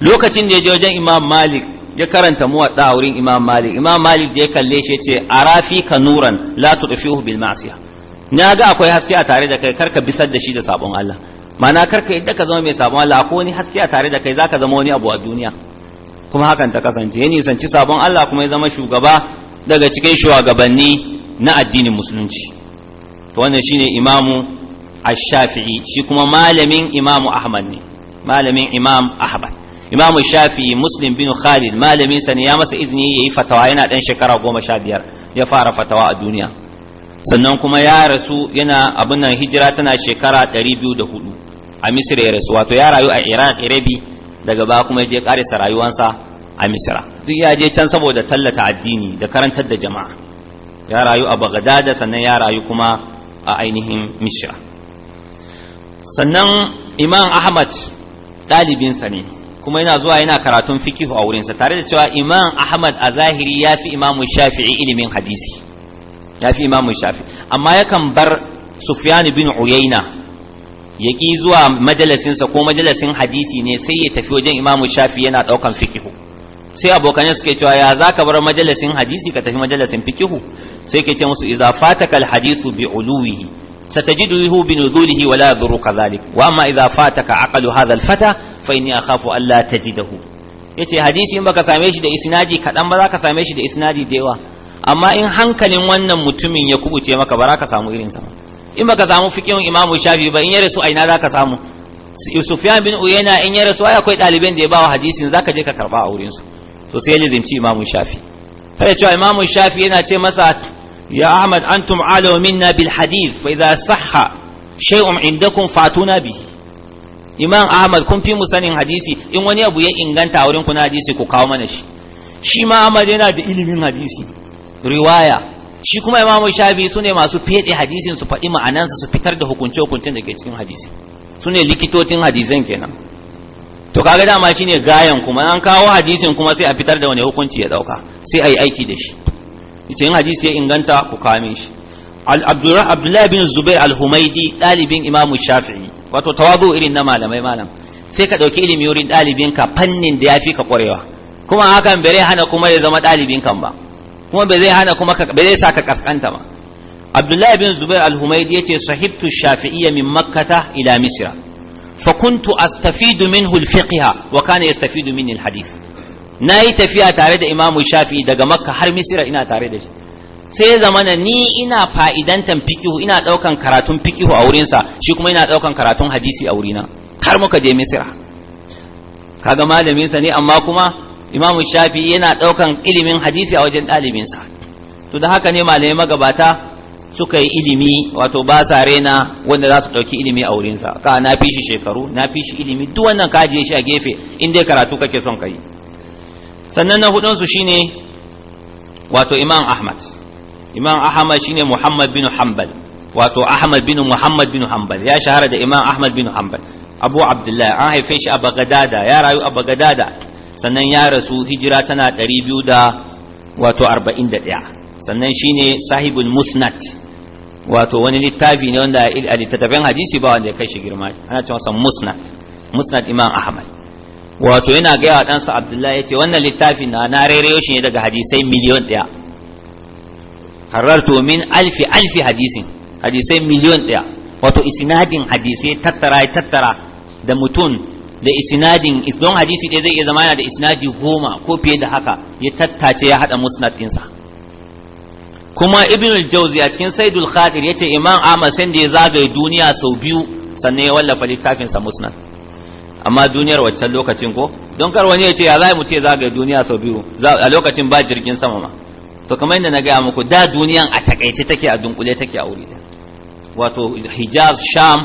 lokacin da ya je wajen imam malik ya karanta mu a wurin imam malik imam malik da ya kalle shi yace arafi ka nuran la tudfihu bil ma'siyah na ga akwai haske a tare da kai karka bisar da shi da sabon Allah ma'ana karka yadda ka zama mai sabon Allah ko wani haske a tare da kai zaka zama wani abu a duniya kuma hakan ta kasance ya nisanci sabon Allah kuma ya zama shugaba daga cikin shugabanni na addinin musulunci to wannan shine imamu ash-shafi'i shi kuma malamin imamu ahmad ne malamin imam ahmad imamu shafi'i muslim bin khalid malamin sa ne ya masa izini yayi fatawa yana dan shekara goma sha biyar ya fara fatawa a duniya sannan kuma ya rasu yana abin nan hijira tana shekara ɗari biyu da hudu. a misira ya rasu wato ya rayu a iran irabi daga ba kuma ya je karisa rayuwansa a misira duk ya je can saboda tallata addini da karantar da jama'a ya rayu a bagdada sannan ya rayu kuma a ainihin misira sannan imam ahmad ɗalibinsa ne kuma yana zuwa yana karatun fikihu a wurinsa tare da cewa imam ahmad a zahiri ya fi imamu shafi'i ilimin hadisi ya fi imamu shafi'i amma yakan bar sufyan bin uyaina ya ƙi zuwa sa ko majalisin hadisi ne sai ya tafi wajen imamu shafi yana ɗaukan fikihu sai abokanai suke cewa ya zaka bar majalisin hadisi ka tafi majalisin fikihu sai ke ce musu idza fataka alhadithu bi uluwihi satajiduhu bi nuzulihi wa la yadhurruka dhalik wa amma idza fataka aqlu hadha alfata fa inni akhafu an la tajidahu yace hadisi in baka same shi da isnadi kadan ba za ka same shi da isnadi da yawa amma in hankalin wannan mutumin ya kubuce maka ba za ka samu irin sa ba in baka samu fiqihun imamu shafi ba in ya rasu a ina ka samu sufyan bin uyena in ya rasu ai akwai ɗaliban da ya bawa hadisin zaka je ka karba a wurin su to sai ya lizimci imamu shafi fa cewa imamu shafi yana ce masa ya ahmad antum alaw minna bil hadith fa idza sahha shay'un indakum fatuna bihi imam ahmad kun fi mu sanin hadisi in wani abu ya inganta a wurin ku na hadisi ku kawo mana shi shi ma ahmad yana da ilimin hadisi riwaya shi kuma Imam shafi su ne masu fede hadisin su faɗi ma'anansa su fitar da hukunce hukuncen da ke cikin hadisi su ne likitocin hadisan kenan to kaga dama ne gayan kuma an kawo hadisin kuma sai a fitar da wani hukunci ya dauka sai a yi aiki da shi yace in hadisi ya inganta ku kame shi abdullahi bin zubair al-humaidi ɗalibin Imam shafi'i wato tawazu irin na malamai malam sai ka ɗauki ilimi wurin ɗalibinka fannin da ya fi ka ƙwarewa kuma hakan bare hana kuma ya zama ɗalibin kan ba kuma bai zai hana kuma bai zai sa ka kaskanta ba Abdullahi bin Zubair al-Humaydi yace sahibtu Shafi'iyya min makkata ila Misra fa kuntu astafidu minhu al-fiqh wa kana yastafidu minni al-hadith nayi tafiya tare da Imam Shafi'i daga Makka har Misra ina tare da shi sai zamana ni ina fa'idantan fikihu ina daukan karatun fikihu a wurinsa shi kuma ina daukan karatun hadisi a wurina har muka je Misra kaga malamin sa ne amma kuma imamu shafi yana ɗaukan ilimin hadisi a wajen ɗalibinsa to da haka ne malamai magabata suka yi ilimi wato ba sa rena wanda za su ɗauki ilimi a wurinsa ka na fi shi shekaru na fi shi ilimi duk wannan ka ajiye shi a gefe in dai karatu kake son ka yi sannan na hudunsu shine wato imam ahmad imam ahmad shine muhammad bin hanbal wato ahmad bin muhammad bin hanbal ya shahara da imam ahmad bin hanbal abu abdullahi an haife shi a bagadada ya rayu a bagadada sannan ya rasu hijira tana 241 sannan shi ne sahibul musnat wato wani littafi ne wanda a littattafin hadisi ba wanda ya kai shi girma ana cewa masa musnat musnat imam ahmad wato yana gaya wa ɗansa abdullahi ya ce wannan littafin na na rairayo shi ne daga hadisai miliyon ɗaya hararto min alfi alfi hadisin hadisai miliyon ɗaya wato isinadin hadisai tattara tattara da mutum da isnadin don hadisi ɗaya zai iya zama yana da isnadi goma ko fiye da haka ya tattace ya haɗa musnad ɗinsa kuma ibn al-jawzi a cikin saidul khadir ce imam ahmad sai da ya zagaye duniya sau biyu sannan ya wallafa littafin sa musnad amma duniyar waccan lokacin ko don kar wani ya ce ya za mu ce zagaye duniya sau biyu a lokacin ba jirgin sama ma to kamar yadda na gaya muku da duniyan a takaice take a dunkule take a wuri wato hijaz sham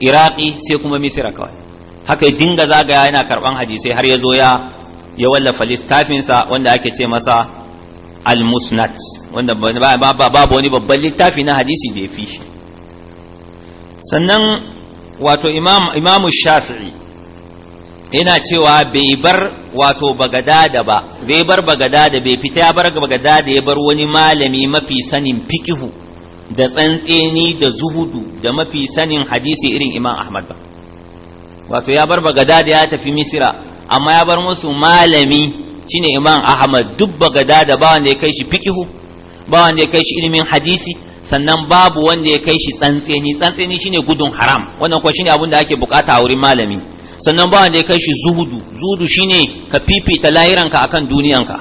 iraki sai kuma misira kawai haka ya dinga zagaya yana karban hadisai har ya zo ya ya wallafa littafinsa wanda ake ce masa al-musnad wanda babu wani babban littafi na hadisi da ya fi shi sannan wato imamu shafi'i yana cewa bai bar wato bagadada ba bai bar bagadada bai fita ya bar bagadada ya bar wani malami mafi sanin fikihu da tsantseni da zuhudu da mafi sanin hadisi irin imam ahmad ba wato ya bar bagadada ya tafi misira amma ya bar musu malami shine imam ahmad duk bagadada ba wanda ya kai shi fikihu ba wanda ya kai shi ilimin hadisi sannan babu wanda ya kai shi tsantseni tsantseni shine gudun haram wannan kuwa shine abin da ake bukata a wurin malami sannan ba wanda ya kai shi zuhudu zuhudu shine ka fifita lahiranka akan duniyanka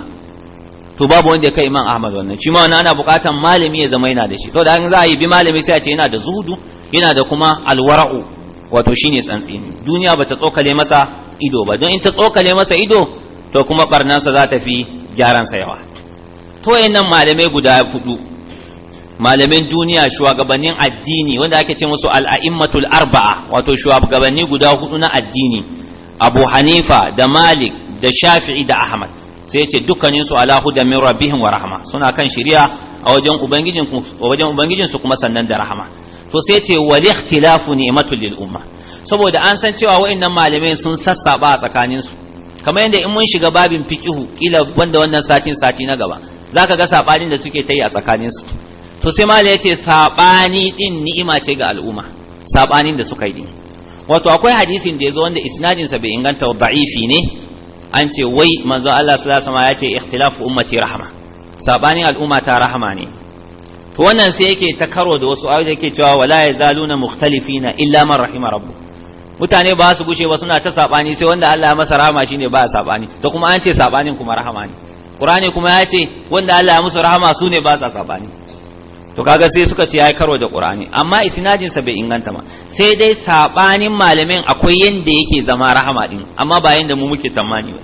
to babu wanda ya kai imam ahmad wannan shi ma wannan ana bukatan malami ya zama yana da shi saboda an za a yi bi malami sai a ce yana da zuhudu yana da kuma alwara'u wato shine tsantsi duniya bata tsokale masa ido ba don in ta tsokale masa ido to kuma barnansa za ta fi gyaransa yawa to nan malamai guda hudu malamin duniya shugabannin addini wanda ake ce musu al'a'immatul arba'a wato shugabanni guda hudu na addini abu hanifa da malik da shafi'i da ahmad sai ce dukkanin su ala huda min rabbihim wa rahma suna kan shari'a a wajen wajen ubangijin su kuma sannan da rahama to sai ce wal ikhtilafu ni'matul lil umma saboda an san cewa wayannan malamai sun sassaba a tsakanin su kamar yadda in mun shiga babin fiqhu kila wanda wannan satin sati na gaba zaka ga sabanin da suke ta yi a tsakanin su to sai malai yace sabani din ni'ima ce ga al'umma sabanin da suka yi din wato akwai hadisin da yazo wanda isnadin sa bai inganta wa da'ifi ne an ce wai manzo Allah sallallahu alaihi wasallam ya ce ikhtilafu ummati rahma sabanin al'umma ta rahama ne to wannan sai yake ta karo da wasu ayoyi da yake cewa wala yazaluna mukhtalifina illa man rahima rabbu mutane ba su gushe ba suna ta sabani sai wanda Allah ya masa rahama shine ba sabani to kuma an ce sabanin kuma rahama ne Qur'ani kuma ya ce wanda Allah ya musu rahama su ne ba sa sabani to kaga sai suka ce yayi karo da Qur'ani amma isnadin sa bai inganta ma sai dai sabanin malamin akwai yanda yake zama rahama din amma ba yanda mu muke tamani ba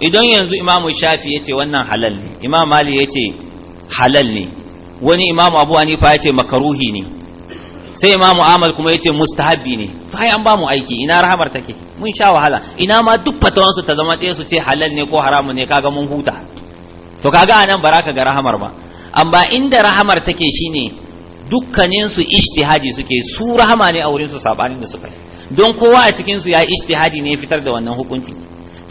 idan yanzu Imam Shafi yace wannan halal ne Imam ya yace halal ne wani imamu abu Anifa ya ce makaruhi ne sai imamu amal kuma ya ce mustahabi ne to ai an ba aiki ina rahamar take mun sha wahala ina ma duk fatawansu ta zama ɗaya su ce halal ne ko haramu ne kaga mun huta to kaga anan ba baraka ga rahamar ba amma inda rahamar take shine dukkanin su ijtihadi suke su rahama ne a wurin su sabanin da suka yi don kowa a cikinsu su ya ijtihadi ne fitar da wannan hukunci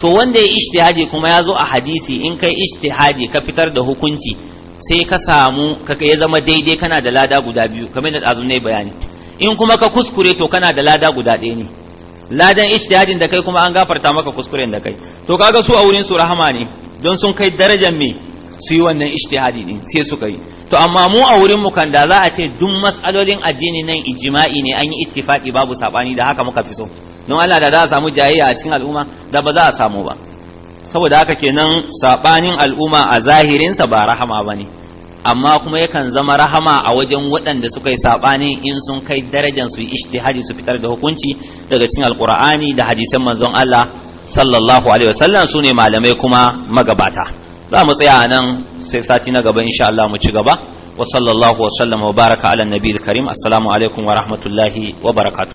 to wanda ya ijtihadi kuma ya zo a hadisi in kai ijtihadi ka fitar da hukunci sai ka samu ka ya zama daidai kana da lada guda biyu kamar da azumi ne bayani in kuma ka kuskure to kana da lada guda ɗaya ne ladan ijtihadin da kai kuma an gafarta maka kuskuren da kai to kaga su a wurin su rahama ne don sun kai darajar me su yi wannan ijtihadi din sai suka yi to amma mu a wurin mu kan da za a ce duk masalolin addini nan ijma'i ne an yi ittifaqi babu sabani da haka muka fi so don Allah da za a samu jayayya a cikin al'umma da ba za a samu ba saboda haka kenan sabanin al'umma a zahirinsa ba rahama ba ne amma kuma yakan zama rahama a wajen waɗanda suka yi sabanin in sun kai darajan su ijtihadi su fitar da hukunci daga cikin alqur'ani da hadisan manzon Allah sallallahu alaihi wasallam sune malamai kuma magabata za mu tsaya nan sai sati na gaba insha Allah mu ci gaba wa sallallahu wa sallama wa baraka ala nabiyil karim assalamu alaikum wa rahmatullahi wa barakatuh